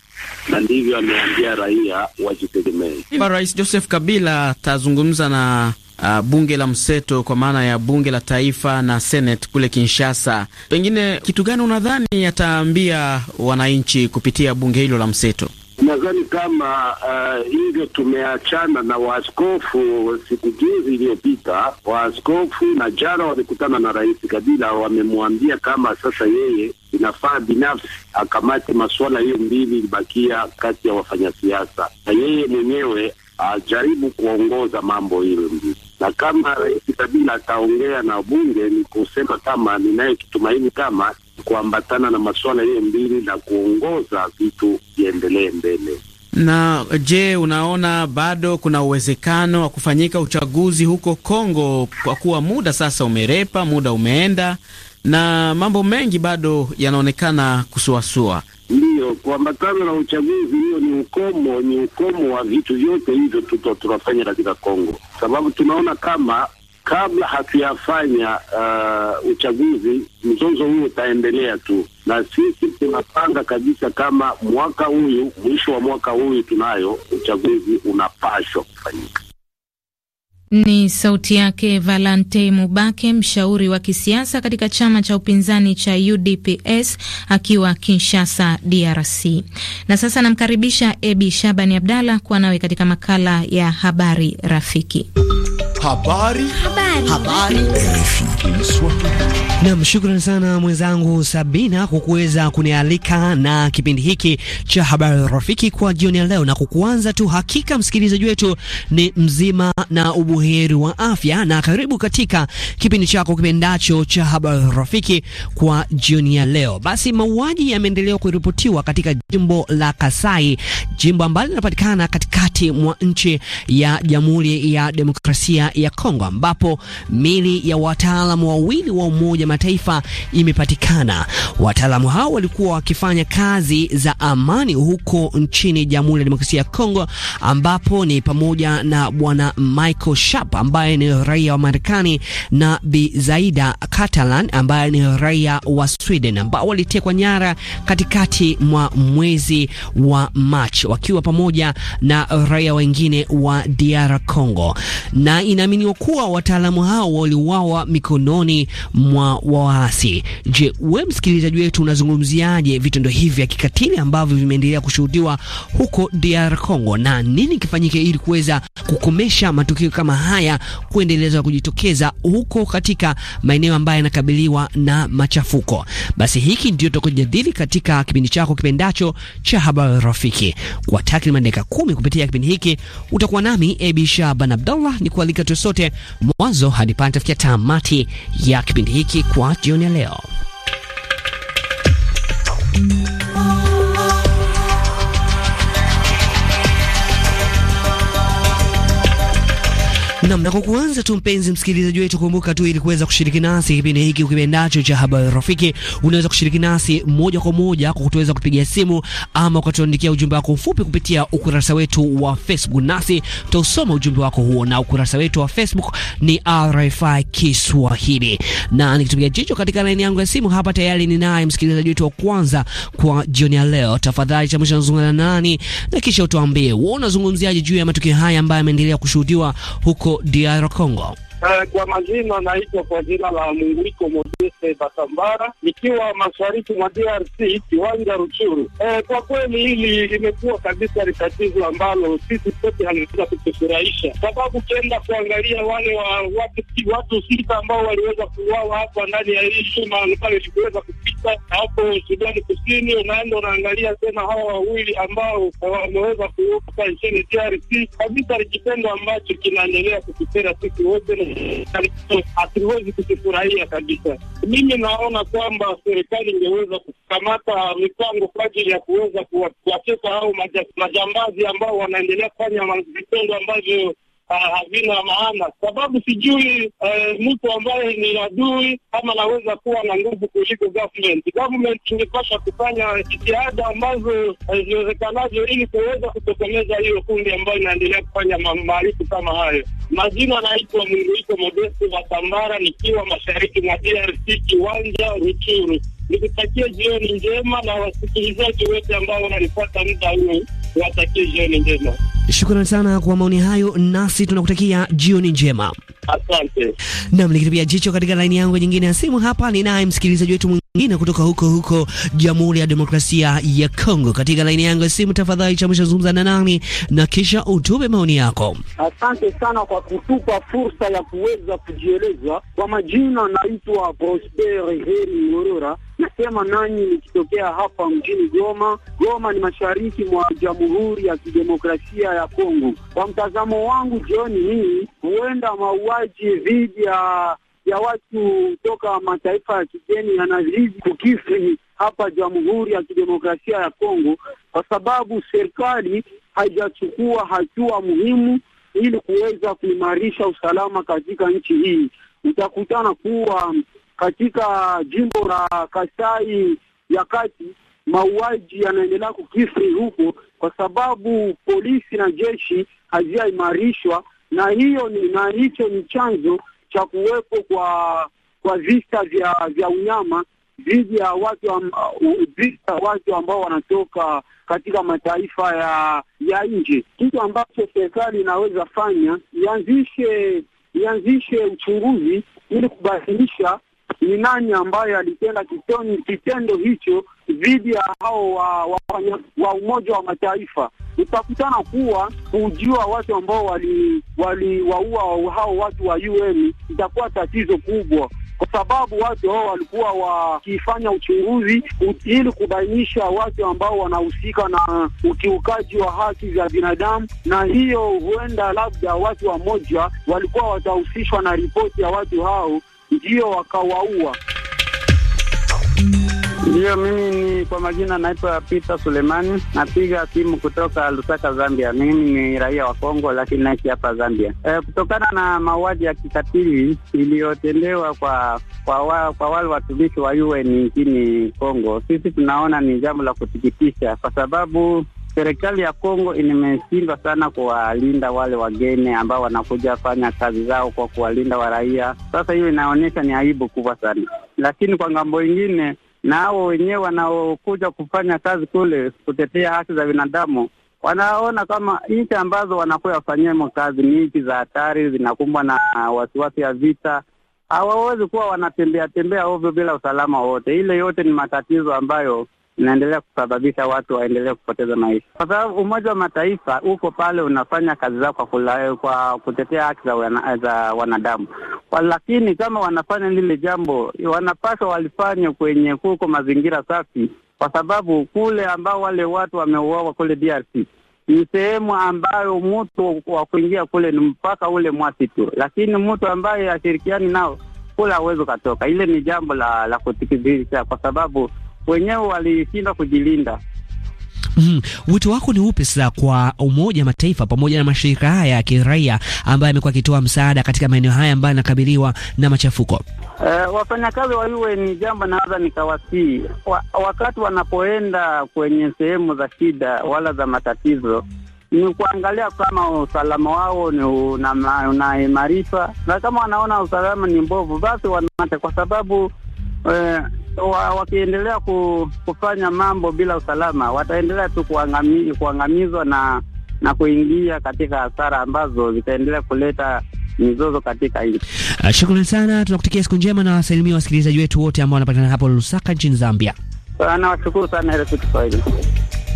na ndivyo ameambia raia wajitegemee. Rais Joseph Kabila atazungumza na uh, bunge la mseto kwa maana ya bunge la taifa na senate kule Kinshasa, pengine kitu gani unadhani yataambia wananchi kupitia bunge hilo la mseto? Nadhani kama uh, eh, hivyo tumeachana na waaskofu siku juzi iliyopita. Waaskofu na jana wamekutana na Rais Kabila, wamemwambia kama sasa yeye inafaa binafsi akamate masuala hiyo mbili ilibakia kati ya wafanyasiasa na yeye mwenyewe ajaribu kuongoza mambo hiyo, na kama Rais Kabila ataongea na bunge, ni kusema kama ninayekitumaini kama kuambatana na masuala hiyo mbili na kuongoza vitu viendelee mbele. Na je, unaona bado kuna uwezekano wa kufanyika uchaguzi huko Kongo, kwa kuwa muda sasa umerepa, muda umeenda na mambo mengi bado yanaonekana kusuasua? Ndiyo, kuambatana na uchaguzi hiyo ni ukomo, ni ukomo wa vitu vyote hivyo tuto tunafanya katika Kongo, sababu tunaona kama kabla hatuyafanya uh, uchaguzi, mzozo huo utaendelea tu, na sisi tunapanga kabisa kama mwaka huyu, mwisho wa mwaka huyu tunayo uchaguzi, unapashwa kufanyika. Ni sauti yake Valante Mubake, mshauri wa kisiasa katika chama cha upinzani cha UDPS akiwa Kinshasa, DRC. Na sasa namkaribisha Ebi Shabani Abdalla kuwa nawe katika makala ya habari rafiki. Habari. Habari. Habari. Nam, shukrani sana mwenzangu Sabina kwa kuweza kunialika na kipindi hiki cha habari rafiki kwa jioni ya leo, na kukuanza tu, hakika msikilizaji wetu ni mzima na ubuheri wa afya, na karibu katika kipindi chako kipendacho cha habari rafiki kwa jioni ya leo. Basi mauaji yameendelea kuripotiwa katika jimbo la Kasai, jimbo ambalo linapatikana katikati mwa nchi ya Jamhuri ya Demokrasia ya Kongo ambapo mili ya wataalamu wawili wa Umoja Mataifa imepatikana. Wataalamu hao walikuwa wakifanya kazi za amani huko nchini Jamhuri ya Demokrasia ya Kongo, ambapo ni pamoja na bwana Michael Sharp ambaye ni raia wa Marekani na Bi Zaida Catalan ambaye ni raia wa Sweden ambao walitekwa nyara katikati mwa mwezi wa Machi wakiwa pamoja na raia wengine wa DR Congo na inaaminiwa kuwa wataalamu hao waliuawa mikononi mwa waasi. Je, we msikilizaji wetu unazungumziaje vitendo hivi vya kikatili ambavyo vimeendelea kushuhudiwa huko DR Congo, na nini kifanyike ili kuweza kukomesha matukio kama haya kuendeleza kujitokeza huko katika maeneo ambayo yanakabiliwa na machafuko? Basi hiki ndio tutakojadili katika kipindi chako kipendacho cha habari rafiki. Kwa takriban dakika kumi kupitia kipindi hiki utakuwa nami Abi Shaban Abdallah ni kualika wetu sote mwanzo hadi pale tafikia tamati ya kipindi hiki kwa jioni ya leo. Nam na kwa kuanza tu, mpenzi msikilizaji wetu, kumbuka tu, ili kuweza kushiriki nasi kipindi hiki ukipendacho cha habari rafiki, unaweza kushiriki nasi moja kwa moja kwa kutuweza kupigia simu ama ukatuandikia ujumbe wako mfupi kupitia ukurasa wetu wa Facebook, nasi tutasoma ujumbe wako huo, na ukurasa wetu wa Facebook ni RFI Kiswahili. Na nikitupia jicho katika laini yangu ya simu hapa, tayari ninaye msikilizaji wetu wa kwanza kwa jioni ya leo. Tafadhali tamsha, na nani na kisha utuambie wewe unazungumziaje juu ya matukio haya ambayo yameendelea kushuhudiwa huko huko DR Congo. Uh, kwa majina naitwa kwa jina la Munguiko Denise Batambara, nikiwa mashariki mwa DRC, kiwanja Ruchuru. E, kwa kweli hili limekuwa kabisa ni tatizo ambalo sisi sote haliweza kutufurahisha, sababu ukienda kuangalia wale wa watu, watu sita ambao waliweza kuuawa hapa ndani ya hii chuma pale likuweza kupita hapo Sudani Kusini, unaenda unaangalia tena hawa wawili ambao wameweza kuuka nchini DRC. Kabisa ni kitendo ambacho kinaendelea kukitera sisi wote, hatuwezi kukifurahia kabisa. Mimi naona kwamba serikali ingeweza kukamata mipango kwa ajili ya kuweza kuwacheka au majambazi ambao wanaendelea kufanya vitendo ambavyo Ah, hazina maana, sababu sijui uh, mtu ambaye ni adui kama anaweza kuwa na nguvu kuliko government. Government ingepasha kufanya jitihada ambazo eh, ziwezekanavyo ili kuweza kutokomeza hiyo kundi ambayo inaendelea kufanya maarifu kama hayo. Majina anaitwa Munguiko Modesto Batambara, nikiwa mashariki mwa DRC, kiwanja Ruchuru. Nikutakia jioni njema na wasikilizaji wote ambao wanalipata muda huu. Niwatakie jioni njema. Shukrani sana kwa maoni hayo, nasi tunakutakia jioni njema. Asante. Nam, nikitupia jicho katika laini yangu nyingine ya simu hapa, ninaye msikilizaji wetu nyingine kutoka huko huko Jamhuri ya Demokrasia ya Kongo. Katika laini yangu ya simu, tafadhali zungumza zungumzana nani na kisha utupe maoni yako. Asante sana kwa kutupa fursa ya kuweza kujieleza. Kwa majina, naitwa Prosper Heri Ngorora, nasema nanyi nikitokea hapa mjini Goma. Goma ni mashariki mwa Jamhuri ya Kidemokrasia ya Kongo. Kwa mtazamo wangu, jioni hii huenda mauaji dhidi ya ya watu toka mataifa ya kigeni yanazidi kukifri hapa Jamhuri ya Kidemokrasia ya Kongo, kwa sababu serikali haijachukua hatua muhimu ili kuweza kuimarisha usalama katika nchi hii. Utakutana kuwa katika jimbo la Kasai ya kati mauaji yanaendelea kukifri huko, kwa sababu polisi na jeshi hazijaimarishwa, na hiyo ni, na hicho ni chanzo cha kuwepo kwa kwa vita vya vya unyama dhidi ya watu am, watu ambao wanatoka katika mataifa ya ya nje. Kitu ambacho serikali inaweza fanya ianzishe ianzishe uchunguzi ili kubadilisha ni nani ambaye alitenda kitendo hicho dhidi ya hao wa, wa, wa Umoja wa Mataifa utakutana kuwa kujua watu ambao waliwaua wali hao watu wa UN itakuwa tatizo kubwa kwa sababu watu hao walikuwa wakifanya uchunguzi ili kubainisha watu ambao wanahusika na ukiukaji wa haki za binadamu, na hiyo huenda labda watu wamoja walikuwa watahusishwa na ripoti ya watu hao, ndio wakawaua. Ndiyo, mimi ni kwa majina naitwa Peter Sulemani, napiga simu kutoka Lusaka, Zambia. Mimi ni raia wa Kongo, lakini naishi hapa Zambia. E, kutokana na mauaji ya kikatili iliyotendewa kwa kwa, wa, kwa wale watumishi wa UN nchini Kongo, sisi tunaona ni jambo la kusikitisha kwa sababu serikali ya Kongo imeshindwa sana kuwalinda wale wageni ambao wanakuja fanya kazi zao kwa kuwalinda waraia. Sasa hiyo inaonyesha ni aibu kubwa sana, lakini kwa ngambo ingine na hao wenyewe wanaokuja kufanya kazi kule kutetea haki za binadamu wanaona kama nchi ambazo wanakuwa wafanyiemo kazi ni nchi za hatari, zinakumbwa na wasiwasi ya vita. Hawawezi kuwa wanatembea tembea ovyo bila usalama wote. Ile yote ni matatizo ambayo inaendelea kusababisha watu waendelee kupoteza maisha, kwa sababu Umoja wa Mataifa huko pale unafanya kazi zao kwa, kula, kwa kutetea haki za wana, wanadamu, lakini kama wanafanya lile jambo wanapaswa walifanye kwenye kuko mazingira safi, kwa sababu kule ambao wale watu wameuawa kule DRC ni sehemu ambayo mtu wa kuingia kule ni mpaka ule mwasi tu lakini mtu ambaye hashirikiani nao kule hawezi ukatoka. Ile ni jambo la, la kutikizisha kwa sababu wenyewe walishindwa kujilinda. Mm Wito wako ni upi sasa kwa Umoja Mataifa pamoja na mashirika haya ya kiraia ambayo yamekuwa akitoa msaada katika maeneo haya ambayo yanakabiliwa na machafuko? Uh, wafanyakazi wa UN ni jambo naweza nikawasii wa, wakati wanapoenda kwenye sehemu za shida wala za matatizo ni kuangalia kama usalama wao ni unaimarishwa, una na kama wanaona usalama ni mbovu, basi wanaacha kwa sababu uh, wakiendelea ku, kufanya mambo bila usalama wataendelea tu kuangami, kuangamizwa na na kuingia katika hasara ambazo zitaendelea kuleta mizozo katika nchi. Uh, sana, tunakutakia siku njema na wasalimia wasikilizaji wetu wote ambao wanapatikana hapo Lusaka nchini Zambia. Ah, Nawashukuru sana RFI Kiswahili.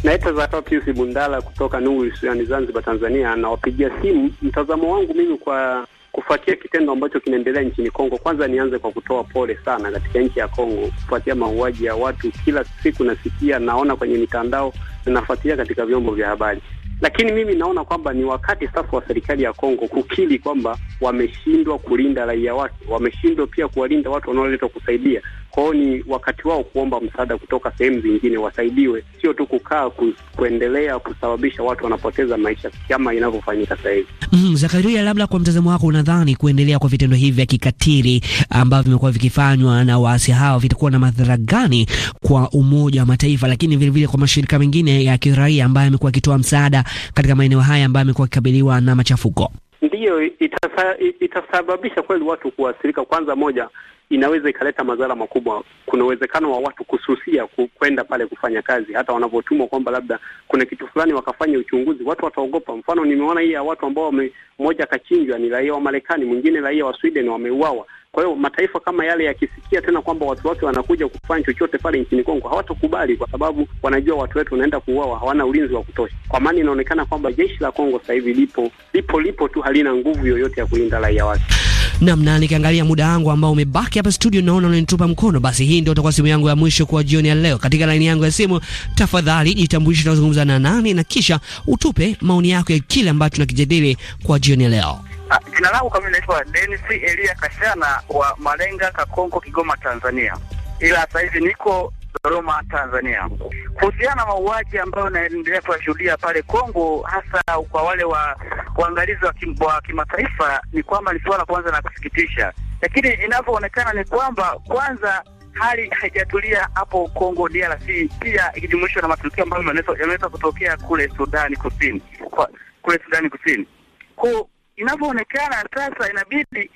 Naitwa Zakayo Bundala kutoka Nungu Visiwani Zanzibar, Tanzania. Nawapigia simu, mtazamo wangu mimi kwa kufuatia kitendo ambacho kinaendelea nchini Kongo. Kwanza nianze kwa kutoa pole sana katika nchi ya Kongo kufuatia mauaji ya watu. Kila siku nasikia, naona kwenye mitandao, ninafuatilia katika vyombo vya habari. Lakini mimi naona kwamba ni wakati sasa wa serikali ya Kongo kukiri kwamba wameshindwa kulinda raia wake, wameshindwa pia kuwalinda watu wanaoletwa kusaidia. Kwa ni wakati wao kuomba msaada kutoka sehemu zingine, wasaidiwe, sio tu kukaa ku, kuendelea kusababisha watu wanapoteza maisha kama inavyofanyika sasa hivi. Mm, Zakaria, labda kwa mtazamo wako unadhani kuendelea kwa vitendo hivi vya kikatili ambavyo vimekuwa vikifanywa na waasi hao vitakuwa na madhara gani kwa Umoja wa Mataifa, lakini vilevile vile kwa mashirika mengine ya kiraia ambayo amekuwa akitoa msaada katika maeneo haya ambayo amekuwa akikabiliwa na machafuko? Ndiyo, itasa, itasababisha kweli watu kuathirika. Kwanza moja, inaweza ikaleta madhara makubwa. Kuna uwezekano wa watu kususia kwenda pale kufanya kazi, hata wanavyotumwa kwamba labda kuna kitu fulani wakafanya uchunguzi, watu wataogopa. Mfano, nimeona hii ya watu ambao mmoja akachinjwa, ni raia wa Marekani, mwingine raia wa Sweden, wameuawa kwa hiyo mataifa kama yale yakisikia tena kwamba watu wake wanakuja kufanya chochote pale nchini Kongo hawatakubali, kwa sababu wanajua watu wetu wanaenda kuuawa, hawana ulinzi wa kutosha. Kwa maana inaonekana kwamba jeshi la Kongo sasa hivi lipo lipo lipo tu, halina nguvu yoyote ya kulinda raia wake. Namna nikiangalia muda wangu ambao umebaki hapa studio, naona unanitupa mkono. Basi hii ndio itakuwa simu yangu ya mwisho kwa jioni ya leo. Katika laini yangu ya simu, tafadhali jitambulishe, tunazungumza na nani, na kisha utupe maoni yako ya kile ambacho tunakijadili kwa jioni ya leo. Ah, jina langu kama naitwa Dennis Elia Kashana wa Malenga, Kakonko, Kigoma, Tanzania, ila sasa hivi niko Dodoma, Tanzania. Kuhusiana na mauaji ambayo naendelea kuyashuhudia pale Kongo, hasa kwa wale wa waangalizi wa, kim, wa kimataifa, ni kwamba ni suala kwanza la kusikitisha, lakini inavyoonekana ni kwamba kwanza hali haijatulia hapo Kongo DRC, pia ikijumuishwa na matukio ambayo yameweza kutokea kule Sudani Kusini, kule Sudani Kusini ku inavyoonekana sasa, inabidi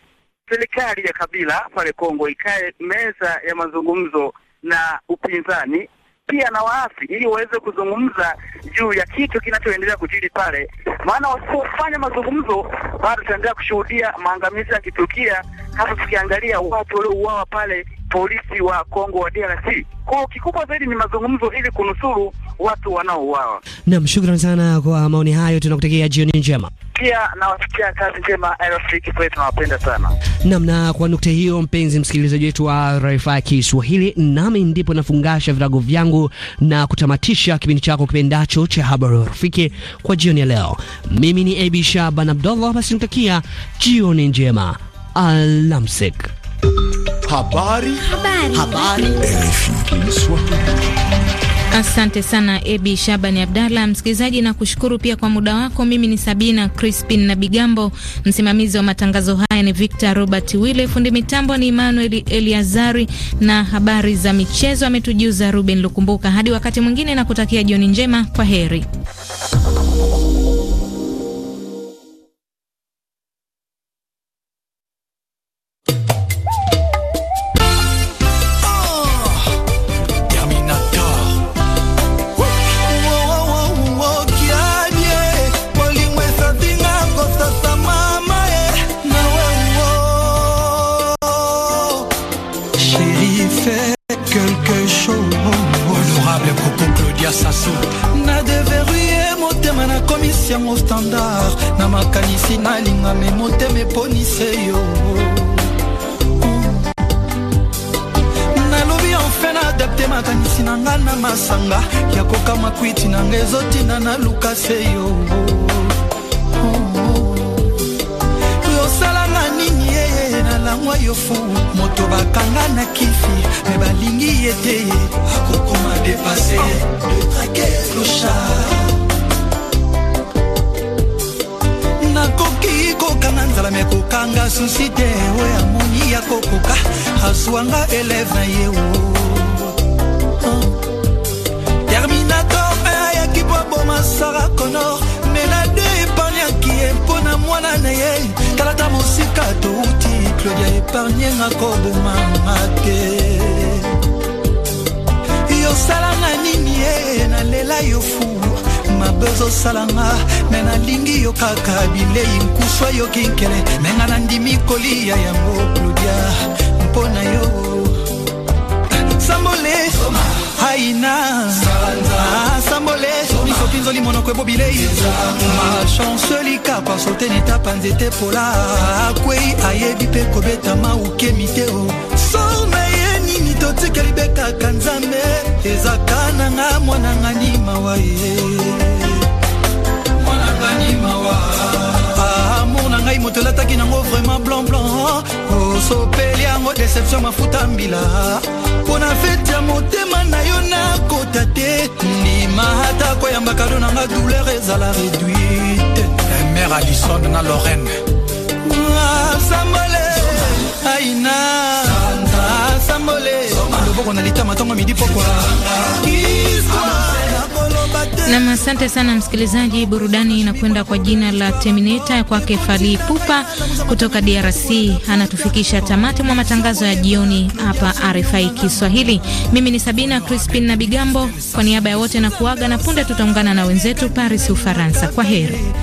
serikali ya Kabila pale Kongo ikae meza ya mazungumzo na upinzani pia na waasi ili waweze kuzungumza juu ya kitu kinachoendelea kujiri pale, maana wasipofanya mazungumzo bado tutaendelea kushuhudia maangamizi yakitukia, hasa tukiangalia watu waliouawa pale polisi wa Kongo wa DRC. Kwa kikubwa zaidi ni mazungumzo ili kunusuru watu wanaouawa. Naam, shukrani sana kwa maoni hayo, tunakutakia jioni njema. Pia nawatakia kazi njema RFI Kiswahili, tunawapenda sana. Naam, na kwa nukta hiyo, mpenzi msikilizaji wetu wa RFI Kiswahili, nami ndipo nafungasha virago vyangu na kutamatisha kipindi chako kipendacho cha habari rafiki kwa jioni ya leo. Mimi ni Abi Shaban Abdullah, basi nikutakia jioni njema, alamsik. Habari. Habari. Habari. Asante sana Ebi Shabani Abdalla, msikilizaji na kushukuru pia kwa muda wako. Mimi ni Sabina Crispin na Bigambo, msimamizi wa matangazo haya ni Victor Robert Wille, fundi mitambo ni Emmanuel Eliazari na habari za michezo ametujuza Ruben Lukumbuka. Hadi wakati mwingine na kutakia jioni njema, kwa heri. clochard nakoki kokanga nzala me kokanga susi te oyo amoni akokoka azwanga eleve na ye hmm. terminator ayaki po aboma sara conor mena de epargnaki ye mpo na mwana na ye talata mosika touti claudia epargnenga kobomanga te osalanga nini ye nalela yo fu mabe ozosalanga me nalingi yo kaka bilei nkusu ayoki nkele me nga nandimi kolia yango klodia mpo na yo sambole aina ah, sambole soki nzoli monoko ebobilei machanse likapa sotene etapa nzete pola akwei ayebi mpe kobeta mauke miteo soma ye nini totikeli bekaka nzambe ezaka nanga mwananga nimawa ye amour na ngai moto elataki nango vraiment blanc blanc osopeli oh, yango deception mafuta mbila mpo na fete ya motema na yo nakota te ndima ata koyamba kado nanga douleur ezala réduite mer alison na lorraine ah, samale aina na litama midi pokwa nam. Asante sana msikilizaji, burudani inakwenda kwa jina la Terminator kwake fali pupa kutoka DRC. Anatufikisha tamati mwa matangazo ya jioni hapa RFI Kiswahili. Mimi ni Sabina Crispin na Bigambo, kwa niaba ya wote na kuaga, na punde tutaungana na wenzetu Paris, Ufaransa. Kwa heri.